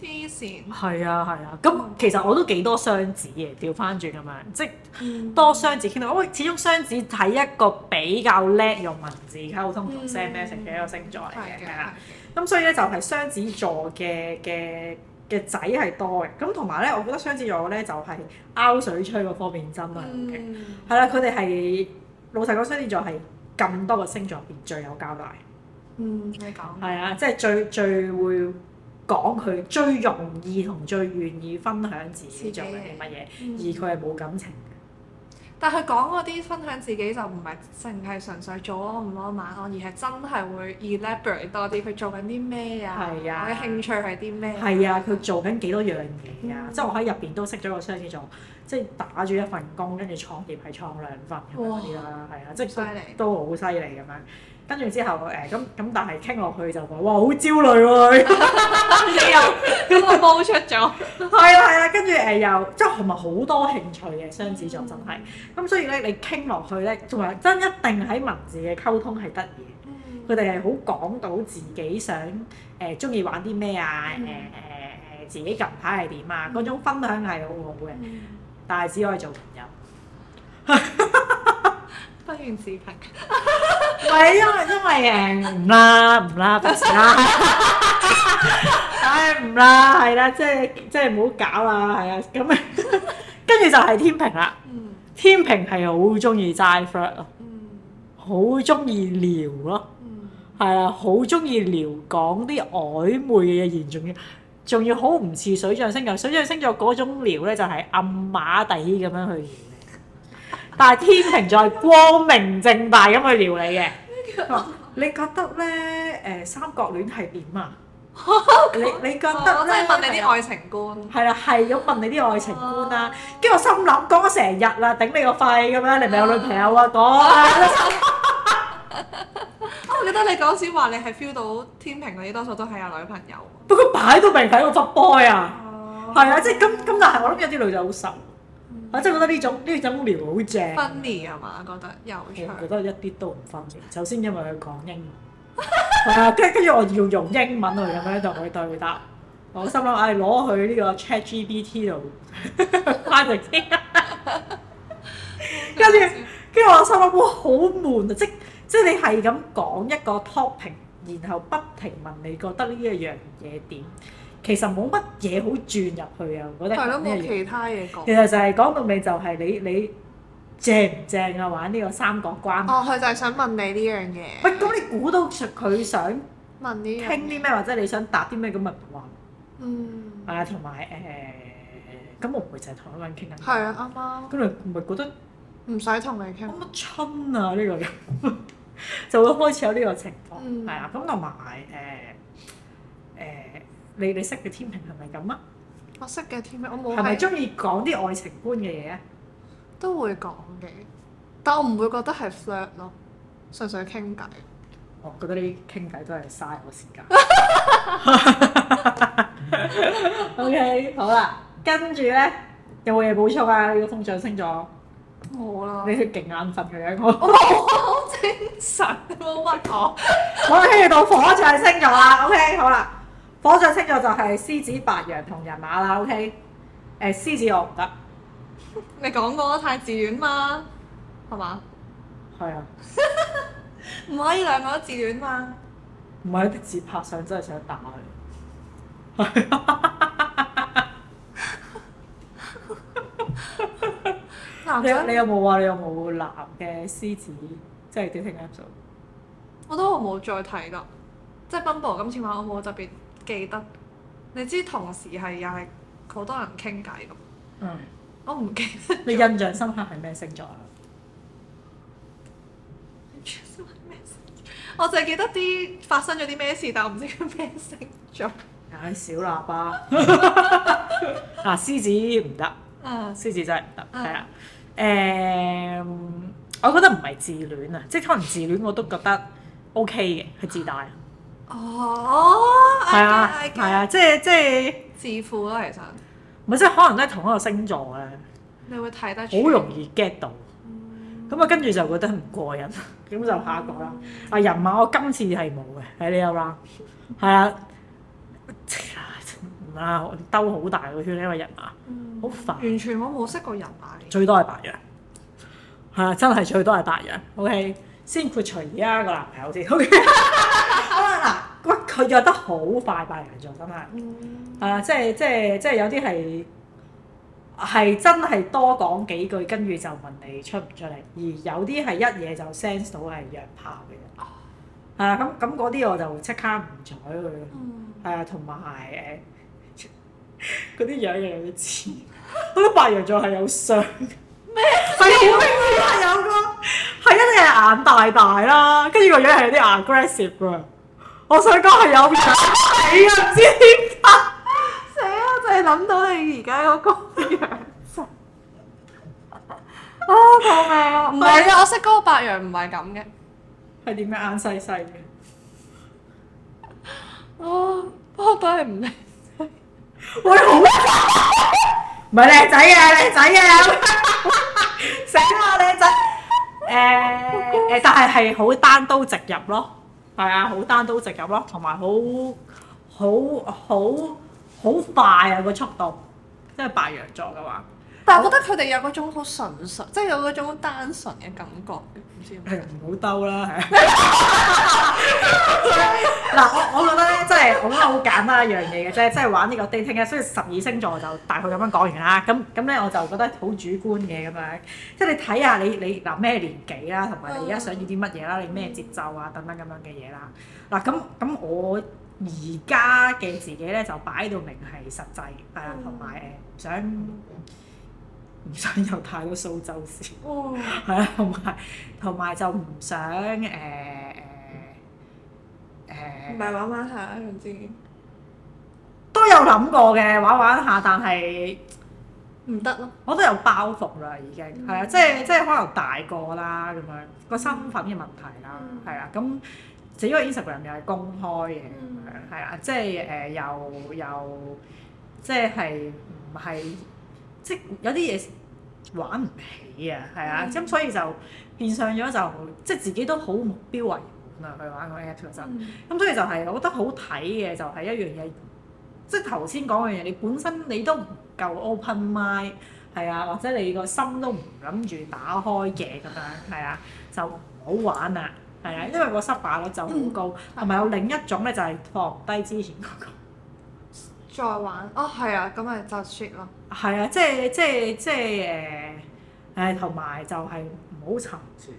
黐線。係啊係啊，咁其實我都幾多雙子嘅，調翻轉咁樣，即係多雙子傾到，喂，始終雙子睇一個比較叻用文字溝通同 send message 嘅一個星座嚟嘅，係啦。咁所以咧就係雙子座嘅嘅。嘅仔係多嘅，咁同埋咧，我覺得雙子座咧就係拗水吹嗰方面真啊，係啦、嗯，佢哋係老實講，雙子座係咁多個星座入邊最有交代。嗯，你講。係啊，即係最最會講佢最容易同最願意分享自己做緊啲乜嘢，嗯、而佢係冇感情。但佢講嗰啲分享自己就唔係淨係純粹早安午安晚安，而係真係會 elaborate 多啲。佢做緊啲咩啊？佢興趣係啲咩？係啊，佢、啊、做緊幾多樣嘢啊？即係我喺入邊都識咗個雙子座，即係打住一份工，跟住創業係創兩份多啲啦。係啊，即犀利，都好犀利咁樣。跟住之後，誒咁咁，但係傾落去就話哇，好焦慮喎！你又咁，我爆出咗。係啊係啊，跟住誒又，即係同埋好多興趣嘅雙子座真係。咁、就是嗯嗯、所以咧，你傾落去咧，仲係真一定喺文字嘅溝通係得意。佢哋係好講到自己想誒中意玩啲咩啊？誒誒誒，自己近排係點啊？嗰、嗯、種分享係好好嘅，嗯、但係只可以做朋友。 <laughs> 拍完視頻，唔係因為因為誒唔啦唔啦，費事啦，哎唔啦係啦，即係即係唔好搞啊，係啊咁樣，跟住就係天秤啦。天秤係好鍾意齋 friend 咯，好鍾意聊咯，係啊，好鍾意聊講啲曖昧嘅嘢，仲要仲要好唔似水象星座，水象星座嗰種聊咧就係暗馬地咁樣去。但係天秤在光明正大咁去撩你嘅，你覺得咧？誒，三角戀係點啊？你你覺得咧？我真係問你啲愛情觀。係啦，係要問你啲愛情觀啦。跟住我心諗講咗成日啦，頂你個肺咁樣，你咪有女朋友啊？講啊！我覺得你嗰時話你係 feel 到天秤嗰啲，多數都係有女朋友。不過擺到明擺個 boy 啊，係啊，即係咁咁，但係我諗有啲女仔好神。 <music> 我真係覺得呢種呢種聊好正啊。funny 係嘛？覺得有趣。我覺得一啲都唔 funny 首先因為佢講英文，係 <laughs> 啊，跟住我要用英文去咁樣同佢對答。我心諗唉，攞、哎、去呢個 ChatGPT 度翻就知。跟 <laughs> 住， <laughs> 跟住我心諗哇，好悶啊！即即你係咁講一個 topic，然後不停問你覺得呢一樣嘢點？其實冇乜嘢好轉入去啊，我覺得。係咯，冇其他嘢講。其實就係講到尾，就係你你正唔正啊？玩呢個三角關。哦，佢就係想問你呢樣嘢。喂，咁你估到佢想問啲傾啲咩，或者你想答啲咩咁啊？嗯。係啊，同埋誒，咁我唔會就係同佢揾傾緊。係啊，啱啱。咁你唔係覺得唔使同你傾乜春啊？呢個就會開始有呢個情況係啊。咁同埋誒誒。你你識嘅天平係咪咁啊？我識嘅天平，我冇係咪中意講啲愛情觀嘅嘢啊？都會講嘅，但我唔會覺得係 flat 咯，純粹傾偈。我、哦、覺得呢啲傾偈都係嘥我時間。 <laughs> <laughs> <laughs> OK，好啦，跟住咧有冇嘢補充啊？呢個風象星座，冇啦了。你係勁眼瞓嘅樣，我我我好精神冇乜 <laughs> 我。我哋傾到火象星座啦 <laughs> ，OK，好啦。火象星座就係獅子、白羊同人馬啦，OK？誒、欸，獅子我唔得。你講過太自戀嘛？係嘛？係啊。唔 <laughs> 可以兩個都自戀嘛？唔係，一啲自拍相真係想打佢。你有有你有冇話你有冇男嘅獅子？即係 dating app 度。我都冇再睇啦，即係 Bumble，今次玩我冇喺側邊。嗯、記得你知同時係又係好多人傾偈咁，嗯，我唔記得。你印象深刻係咩星座啊？ <laughs> 我淨係記得啲發生咗啲咩事，但我唔知佢咩星座。啊，小喇叭啊，獅子唔得啊，uh, 獅子真係唔得，係啊、uh,。誒、嗯，我覺得唔係自戀啊，即係可能自戀我都覺得 OK 嘅，佢自大啊。Uh, 哦，係啊，係啊，即係即係自負咯，其實唔係即係可能咧同一個星座咧，你會睇得好容易 get 到。咁啊，跟住就覺得唔過癮，咁 <laughs> 就下一個啦。啊、嗯、人馬，我今次係冇嘅喺呢一 round，係、嗯、啊啊兜好大個圈，因為人馬好煩、嗯，完全我冇識過人馬 <laughs> 最多係白羊，係啊，真係最多係白羊，OK。先豁除而家個男朋友先好啦嗱，佢佢約得好快，白羊座真係，mm. 啊，即係即係即係有啲係係真係多講幾句，跟住就問你出唔出嚟，而有啲係一嘢就 sense 到係約炮嘅人，啊，咁咁嗰啲我就即刻唔睬佢，係、mm. 啊，同埋誒嗰啲樣樣都似，覺得白羊座係有傷咩？係啊 <laughs> 麼，係有個。眼大大啦，跟住個樣係有啲 aggressive 噶。我想講係有死啊！唔知點解死啊！淨係諗到你而家個個樣，啊救命啊！唔係啊，我識嗰個白羊唔係咁嘅，係點樣眼細細嘅？啊，不過都係唔靚仔。喂，紅咩？唔係靚仔啊靚仔啊！醒啊靚仔！誒誒、欸，但係係好單刀直入咯，係啊，好單刀直入咯，同埋好好好好快啊個速度，即係白羊座嘅話。但係我覺得佢哋有嗰種好純粹，即係有嗰種好單純嘅感覺，唔知。係唔好兜啦，係。嗱，我我覺得咧，即係我覺得好簡單一樣嘢嘅啫，即係玩呢個 dating 咧。所以十二星座就大概咁樣講完啦。咁咁咧，我就覺得好主觀嘅咁樣，即係你睇下你你嗱咩年紀等等啦，同埋你而家想要啲乜嘢啦，你咩節奏啊，等等咁樣嘅嘢啦。嗱咁咁，我而家嘅自己咧就擺到明係實際係啊，同埋誒想。唔想有太多蘇州市、哦，係啊， <laughs> 同埋同埋就唔想誒誒唔係玩玩下咁之。都有諗過嘅玩玩下，但係唔得咯。我都有包袱啦，已經係、嗯、啊，即係即係可能大個啦咁樣個身份嘅問題啦，係、嗯、啊咁。自己個 Instagram 又係公開嘅，係、嗯、啊，即係誒、呃、又又、又即係唔係。即有啲嘢玩唔起啊，係啊、mm. 嗯，咁所以就變相咗就即自己都好目標為本啊，去玩個 app 啊，咁、mm. 嗯、所以就係、是、我覺得好睇嘅就係、是、一樣嘢，即頭先講嘅嘢，你本身你都唔夠 open mind 係啊，或者你個心都唔諗住打開嘅咁樣係啊，就唔好玩啊，係啊，因為個失敗率就好高，係咪？、mm. 有另一種咧就係、是、放低之前嗰個再玩，哦係啊，咁咪就 shit 咯～係啊，即係即係即係誒誒，同、呃、埋就係唔好沉船，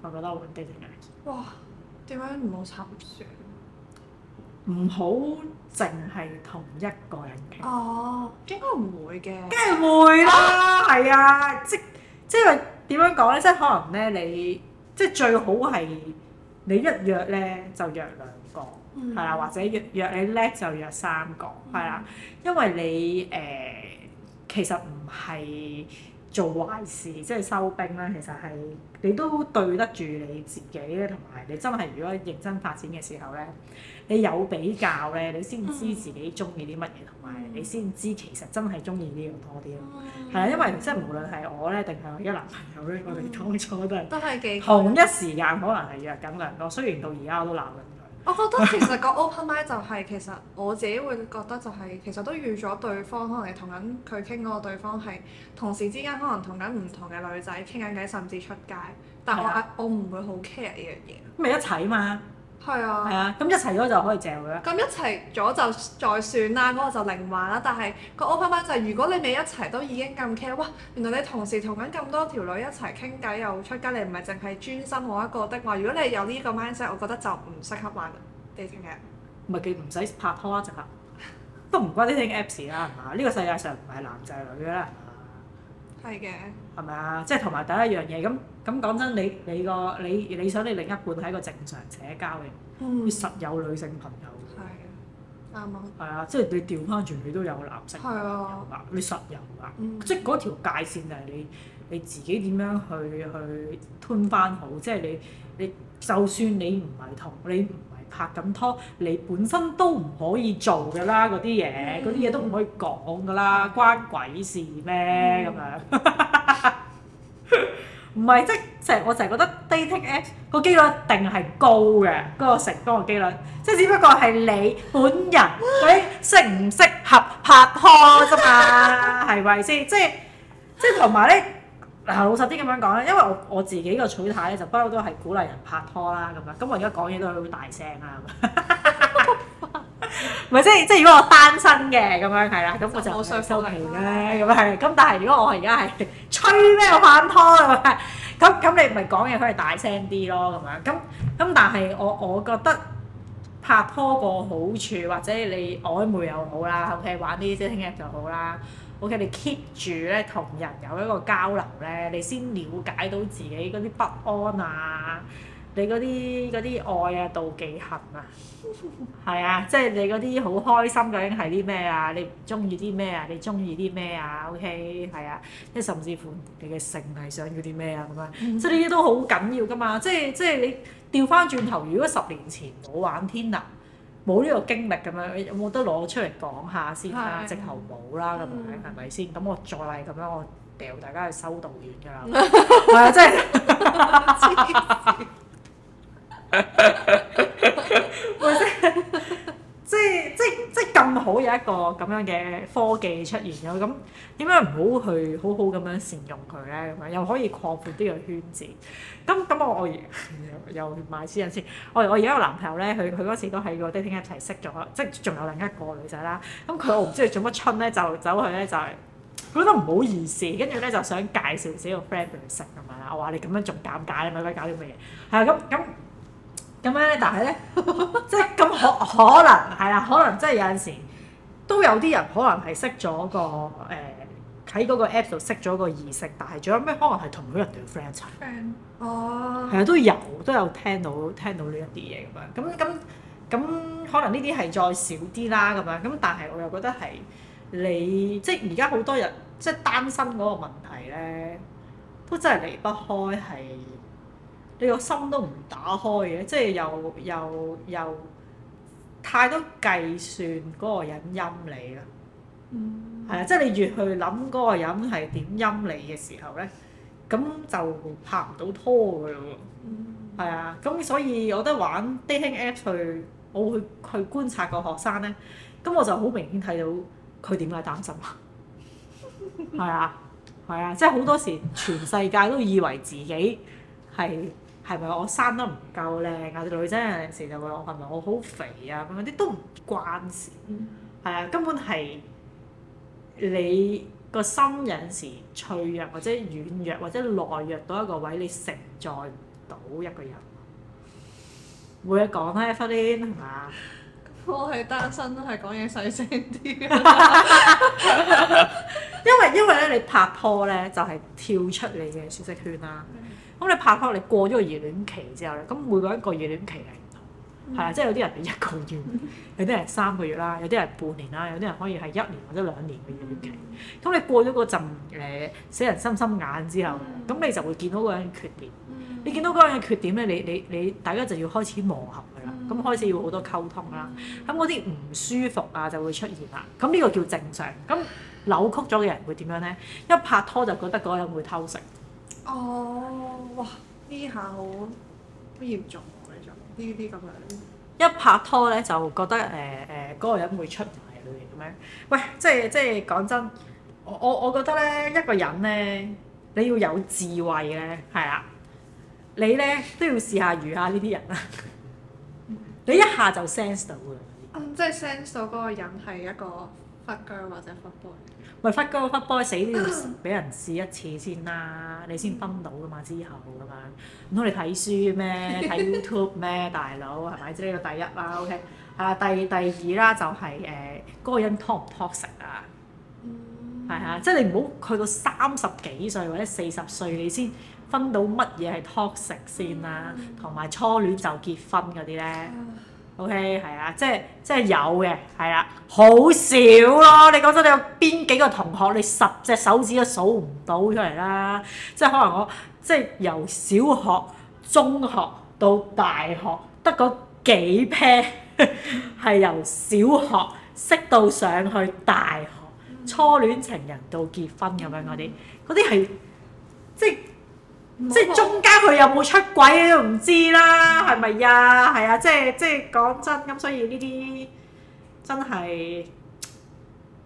我覺得好堅嘅。哇！點樣唔好沉船？唔好淨係同一個人傾。哦，應該唔會嘅。梗係會啦，係啊，啊，即即係點樣講咧？即係可能咧，你即係最好係你一約咧就約兩個，係啦、嗯啊，或者約約你叻就約三個，係啦、嗯啊，因為你誒。呃其實唔係做壞事，即係收兵啦。其實係你都對得住你自己，同埋你真係如果認真發展嘅時候咧，你有比較咧，你先知自己中意啲乜嘢，同埋你先知其實真係中意呢樣多啲咯。係啊、嗯，因為即係無論係我咧，定係我而家男朋友咧，我哋當初都係同一時間，可能係約緊兩個。雖然到而家我都鬧緊。 <laughs> 我覺得其實個 open mind 就係、是、其實我自己會覺得就係、是、其實都預咗，對方可能你同緊佢傾嗰個，對方係同事之間，可能同緊唔同嘅女仔傾緊偈，甚至出街，但係我 <laughs> 我唔會好 care 呢樣嘢，咪一齊嘛。係啊，係啊，咁一齊咗就可以借佢啦。咁、嗯、一齊咗就再算啦，嗰、那個就另話啦。但係個 open mind 就係如果你未一齊都已經咁 care，哇！原來你同時同緊咁多條女一齊傾偈又出街，你唔係淨係專心我一個的話，如果你有呢個 mind mindset，我覺得就唔適合玩 dating app。唔係幾唔使拍拖拍啊？直客都唔關 dating apps 啦，係嘛？呢個世界上唔係男仔女啦，係、啊、嘅。係咪啊？即係同埋第一樣嘢咁咁講真，你你個你你想你另一半係一個正常社交嘅，會、嗯、實有女性朋友。係，啱啊。啊，即係你調翻轉你都有男性朋友。係啊、嗯。嗱你實有啊，嗯、即係嗰條界線就係你你自己點樣去去吞翻好。即係你你就算你唔係同你唔係拍緊拖，你本身都唔可以做㗎啦。嗰啲嘢嗰啲嘢都唔可以講㗎啦，關鬼事咩咁樣？唔係， <laughs> 即係成我成日覺得 dating 個機率一定係高嘅，嗰、嗰個成功嘅機率，即係只不過係你本人佢適唔適合拍拖啫、啊、嘛，係咪先？即係即係同埋咧，嗱老實啲咁樣講咧，因為我我自己個取態咧，就不嬲都係鼓勵人拍拖啦咁樣。咁我而家講嘢都係好大聲啦。 <laughs> <laughs> 唔係 <laughs> 即係即係如果我單身嘅咁樣係啦，咁我就收收皮啦咁係。咁吧但係如果我而家係吹咩我拍拖啊，咁咁 <laughs> 你唔係講嘢，佢係大聲啲咯，咁樣咁咁。但係我我覺得拍拖個好處，或者你曖昧又好啦 <laughs> ，OK，玩啲 dating app 就好啦。OK，你 keep 住咧同人有一個交流咧，你先了解到自己嗰啲不安啊。你嗰啲啲愛啊、妒忌恨啊，係 <laughs> 啊，即係你嗰啲好開心究竟係啲咩啊？你唔中意啲咩啊？你中意啲咩啊？OK，係啊，即係甚至乎你嘅性係想要啲咩啊咁樣，即係呢啲都好緊要噶嘛。即係即係你調翻轉頭，如果十年前冇玩 Tinder 啊，冇呢個經歷咁樣，你有冇得攞出嚟講下先啦？直頭冇啦咁樣，係咪先？咁 <music> 我再嚟咁樣，我掉大家去修道院㗎啦，係啊，即係。 <music> 或者即係即係即係咁好有一個咁樣嘅科技出現咗，咁點解唔好去好好咁樣善用佢咧？咁樣又可以擴闊啲個圈子。咁咁我我又又賣私人先。我我而家個男朋友咧，佢佢嗰時都喺個 dating 一齊識咗，即係仲有另一個女仔啦。咁佢我唔知佢做乜春咧，就走去咧就係覺得唔好意思，跟住咧就想介紹自己個 friend 俾佢識咁樣。我話你咁樣仲尷尬，你咪鬼搞啲乜嘢？係啊，咁咁。咁樣咧，但係咧，即係咁可可能係啦，可能即係有陣時都有啲人可能係識咗個誒喺嗰個 app 度識咗個意識，但係仲有咩可能係同佢人哋 friend 一齊？friend、嗯、哦，係啊，都有都有聽到聽到呢一啲嘢咁樣，咁咁咁可能呢啲係再少啲啦咁樣，咁但係我又覺得係你即係而家好多人即係單身嗰個問題咧，都真係離不開係。你個心都唔打開嘅，即係又又又太多計算嗰個人陰你啦，嗯，係啊，即係你越去諗嗰個人係點陰你嘅時候咧，咁就拍唔到拖㗎咯喎，係啊、嗯，咁所以我覺得玩 dating app 去，我會去，去觀察個學生咧，咁我就好明顯睇到佢點解擔心啊，係啊， <laughs> 係啊，即係好多時全世界都以為自己係。係咪我生得唔夠靚啊？啲女仔有陣時就會我係咪我好肥啊？咁樣啲都唔關事，係、嗯、啊，根本係你個心有陣時脆弱或者軟弱或者內弱到一個位，你承載唔到一個人。冇嘢講啦，阿 f l n t 係嘛？我係單身，都係講嘢細聲啲。因為因為咧，你拍拖咧就係跳出你嘅舒適圈啦。咁你拍拖，你過咗個熱戀期之後咧，咁每個人一個熱戀期係唔同，係啊，即係有啲人係一個月，有啲人三個月啦，有啲人半年啦，有啲人可以係一年或者兩年嘅熱戀期。咁你過咗個陣、呃、死人心心眼之後，咁你就會見到嗰個人嘅缺點。你見到嗰個人嘅缺點咧，你你你，你大家就要開始磨合噶啦，咁開始要好多溝通啦。咁嗰啲唔舒服啊就會出現啦。咁呢個叫正常。咁扭曲咗嘅人會點樣咧？一拍拖就覺得嗰個人會偷食。哦，oh, 哇！呢下好，好嚴重喎，呢種呢啲咁樣。一拍拖咧就覺得誒誒嗰個人會出賣你咁樣。喂，即係即係講真，我我我覺得咧一個人咧，你要有智慧咧，係啊，你咧都要試下遇下呢啲人啦。 <laughs> 你一下就 sense 到啊！嗯，即係 sense 到嗰個人係一個 fuck girl 或者 fuck boy 咪忽、嗯、哥發哥，哥死都要俾人試一次先啦，你先分到㗎嘛之後咁樣，唔通你睇書咩？睇 YouTube 咩？大佬係咪？即係呢個第一啦，OK。啊，第二第二啦就係、是、誒，個人 top t toxic 啊，係、嗯、啊，即係你唔好去到三十幾歲或者四十歲你先分到乜嘢係 toxic 先啦，同埋初戀就結婚嗰啲咧。嗯嗯嗯 O K，係啊，即係即係有嘅，係啊，好少咯、啊。你講真，你有邊幾個同學，你十隻手指都數唔到出嚟啦。即係可能我即係由小學、中學到大學，得嗰幾 pair 係 <laughs> 由小學識到上去大學，初戀情人到結婚咁樣嗰啲，嗰啲係即係。即係中間佢有冇出軌你都、啊、唔知啦，係咪是啊？係啊，即係即係講真咁，所以呢啲真係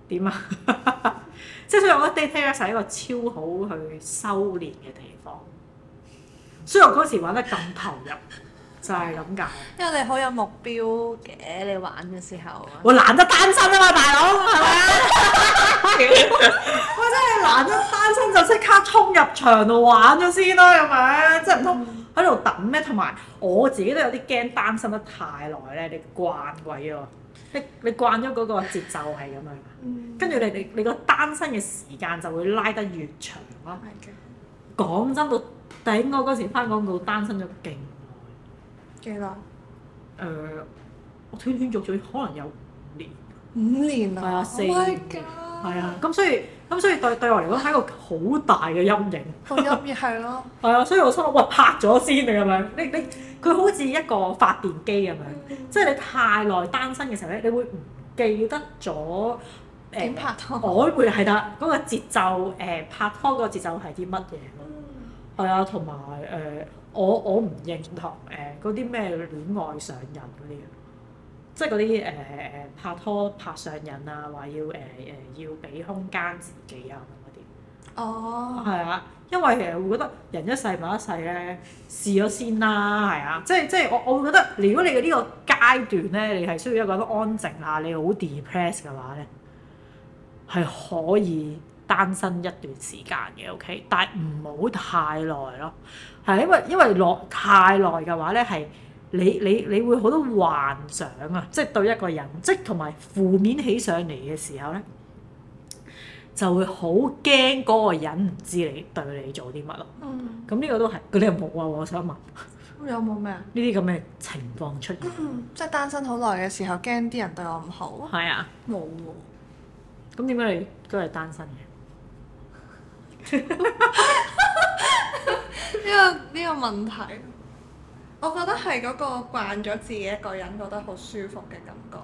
點啊？ <laughs> 即係所以我覺得 dating 係一個超好去修煉嘅地方。所以我嗰時玩得咁投入。 <laughs> 就係咁㗎，因為你好有目標嘅，你玩嘅時候，我難得單身啊嘛，大佬，係咪啊？我 <laughs> <laughs> 真係難得單身就即刻衝入場度玩咗先啦、啊，咁樣即係唔通喺度等咩？同埋我自己都有啲驚單身得太耐咧，你慣鬼喎，你你慣咗嗰個節奏係咁樣， <laughs> 跟住你你你個單身嘅時間就會拉得越長咯。講 <laughs> 真，到頂我嗰時翻廣告單身咗勁。幾耐？誒、呃，我斷斷續續可能有五年。五年啊，係啊，四年，Oh！My God！係啊，咁所以，咁所以對對我嚟講係一個好大嘅陰影。好陰影係咯。係 <laughs> 啊，所以我心諗，喂，拍咗先你咁樣？你你佢好似一個發電機咁樣，嗯、即係你太耐單身嘅時候咧，你會唔記得咗誒？點、呃、拍拖？我會係得嗰個節奏誒、呃，拍拖個節奏係啲乜嘢？嗯係啊，同埋誒，我我唔認同誒嗰啲咩戀愛上癮嗰啲，即係嗰啲誒誒拍拖拍上癮啊，話要誒誒、呃、要俾空間自己啊咁嗰啲。哦，係啊，因為其實我覺得人一世物一世咧，試咗先啦、啊，係啊，即係即係我我會覺得，如果你嘅呢個階段咧，你係需要一個好安靜啊，你好 depressed 嘅話咧，係可以。單身一段時間嘅，OK，但係唔好太耐咯，係因為因為落太耐嘅話咧，係你你你會好多幻想啊，即係對一個人，即係同埋負面起上嚟嘅時候咧，就會好驚嗰個人唔知你對你做啲乜咯。嗯，咁呢個都係，嗰啲又冇啊，我想問，有冇咩，呢啲咁嘅情況出現？嗯、即係單身好耐嘅時候，驚啲人對我唔好。係啊，冇喎、啊。咁點解你都係單身嘅？呢、 <laughs> 這個呢、這個問題，我覺得係嗰個慣咗自己一個人，覺得好舒服嘅感覺。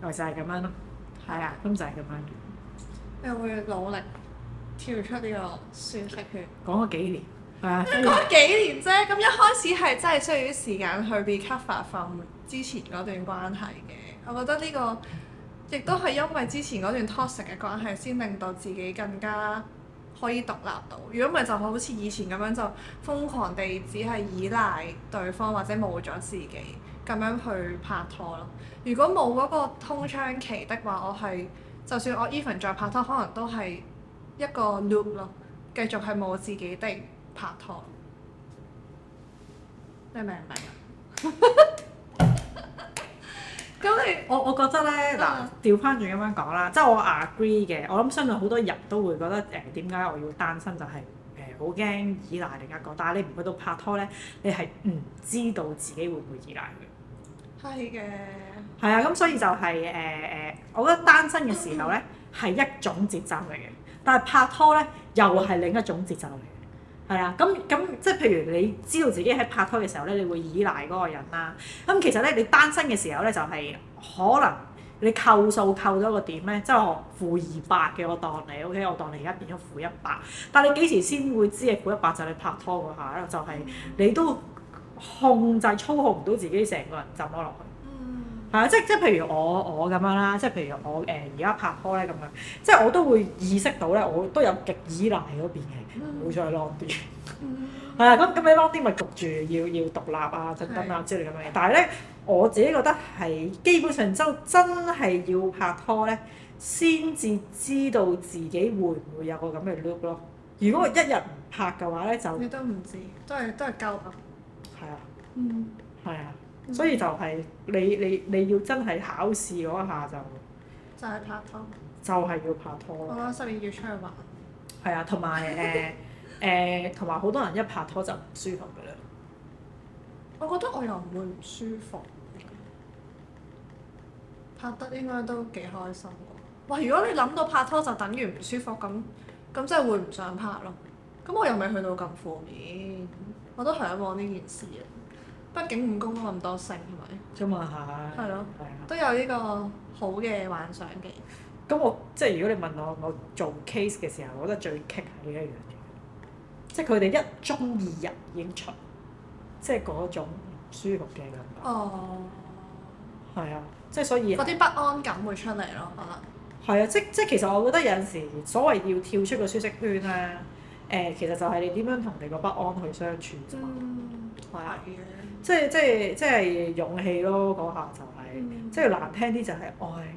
咪、哦、就係、是、咁樣咯，係啊，咁、啊、就係、是、咁樣、啊。你會努力跳出呢個舒適圈講咗幾年。係啊。講咗幾年啫，咁 <laughs> 一開始係真係需要啲時間去 recover from 之前嗰段關係嘅。我覺得呢、這個亦都係因為之前嗰段 toxic 嘅關係，先令到自己更加，可以獨立到，如果唔係就好似以前咁樣，就瘋狂地只係依賴對方或者冇咗自己咁樣去拍拖咯。如果冇嗰個空窗期的話，我係就算我 even 再拍拖，可能都係一個 loop 咯，繼續係冇自己的拍拖。 <music> 你明唔明啊？ <laughs> 我我覺得咧，嗱，調翻轉咁樣講啦，即係我 agree 嘅。我諗相信好多人都會覺得誒，點解我要單身就係誒好驚依賴另一個？但係你唔去到拍拖咧，你係唔知道自己會唔會依賴嘅。係嘅的。係啊，咁所以就係誒誒，我覺得單身嘅時候咧係、嗯、一種節奏嚟嘅，但係拍拖咧又係另一種節奏嚟嘅。係啊，咁咁即係譬如你知道自己喺拍拖嘅時候咧，你會依賴嗰個人啦、啊。咁其實咧，你單身嘅時候咧就係、是、～可能你扣數扣咗個點咧，即係我負二百嘅，我當你 O、OK? K，我當你而家變咗負一百。但你幾時先會知你負一百就係你拍拖嗰下咧？就係你都控制操控唔到自己成個人浸咗落去。嗯。係啊，即即係譬如我我咁樣啦，即係譬如我誒而家拍拖咧咁樣，即係我都會意識到咧，我都有極依賴嗰邊嘅，冇再 load 啲。嗯。係啊，咁咁你 load 啲咪焗住要要，要獨立啊、單身啊之類咁樣嘅，但係咧。我自己覺得係基本上就真係要拍拖咧，先至知道自己會唔會有個咁嘅 look 咯。如果一我一日唔拍嘅話咧，就你都唔知，都係都係交合。係啊。嗯。係啊。嗯、所以就係、是、你你你要真係考試嗰一下就就係拍拖，就係要拍拖。我覺得十二月出去玩。係啊，同埋誒誒，同埋好多人一拍拖就唔舒服嘅咧。我覺得我又唔會唔舒服，拍得應該都幾開心喎。哇！如果你諗到拍拖就等於唔舒服，咁咁真係會唔想拍咯。咁我又未去到咁負面，我都向往呢件事啊。畢竟五公咁多性咪？想問下，係咯吧。嗯嗯、都有呢個好嘅幻想嘅。咁、嗯、我即係如果你問我，我做 case 嘅時候，我覺得最棘係呢一樣嘢，即係佢哋一中二入已經出。即係嗰種唔舒服嘅感覺。哦，係啊，即係所以有啲不安感會出嚟咯，可能，得。係啊，即即，即其實我覺得有陣時所謂要跳出個舒適圈咧，誒、呃，其實就係你點樣同你個不安去相處。嗯，係啊，即係即係即係勇氣咯，嗰下就係、是，mm. 即係難聽啲就係愛，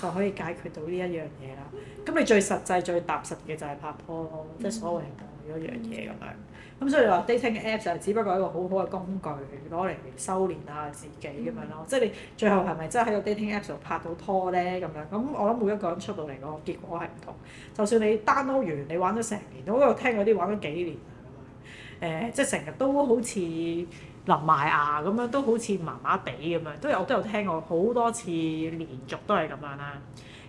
就可以解決到呢一樣嘢啦。咁、mm. 你最實際最踏實嘅就係拍拖咯，即係所謂愛嗰樣嘢咁樣。咁、嗯、所以話 dating apps 就只不過係一個好好嘅工具，攞嚟修煉下自己咁、嗯、樣咯。即、就、係、是、你最後係咪真係喺個 dating apps 度拍到拖咧咁樣？咁我諗每一個人出到嚟個結果係唔同。就算你 download 完，你玩咗成年，都有聽嗰啲玩咗幾年啊、欸、即係成日都好似臨埋牙咁樣，都好似麻麻地咁樣，都有都有聽過好多次連續都係咁樣啦、啊。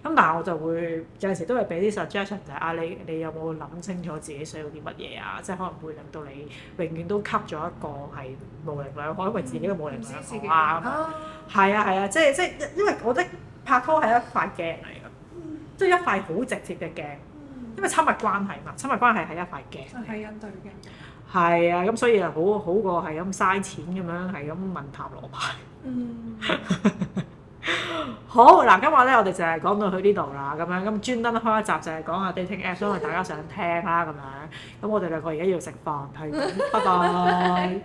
咁但係我就會有陣時都係俾啲 suggestion 就係、是、啊你你有冇諗清楚自己需要啲乜嘢啊？即係可能會令到你永遠都吸咗一個係無力量，因為自己嘅無力量房啦。係、嗯、啊係、嗯、啊，啊，啊，即係即係因為我覺得拍拖係一塊鏡嚟嘅，即係、嗯、一塊好直接嘅鏡，嗯、因為親密關係嘛，親密關係係一塊鏡。係印、嗯、對鏡。係啊，咁、嗯、所以就好好，好過係咁嘥錢咁樣，係咁問塔羅牌。嗯。 <laughs> 好嗱，今日咧我哋就係講到去呢度啦，咁樣咁專登開一集就係講下 dating app，因為大家想聽啦，咁樣咁我哋兩個而家要食飯，係，拜拜。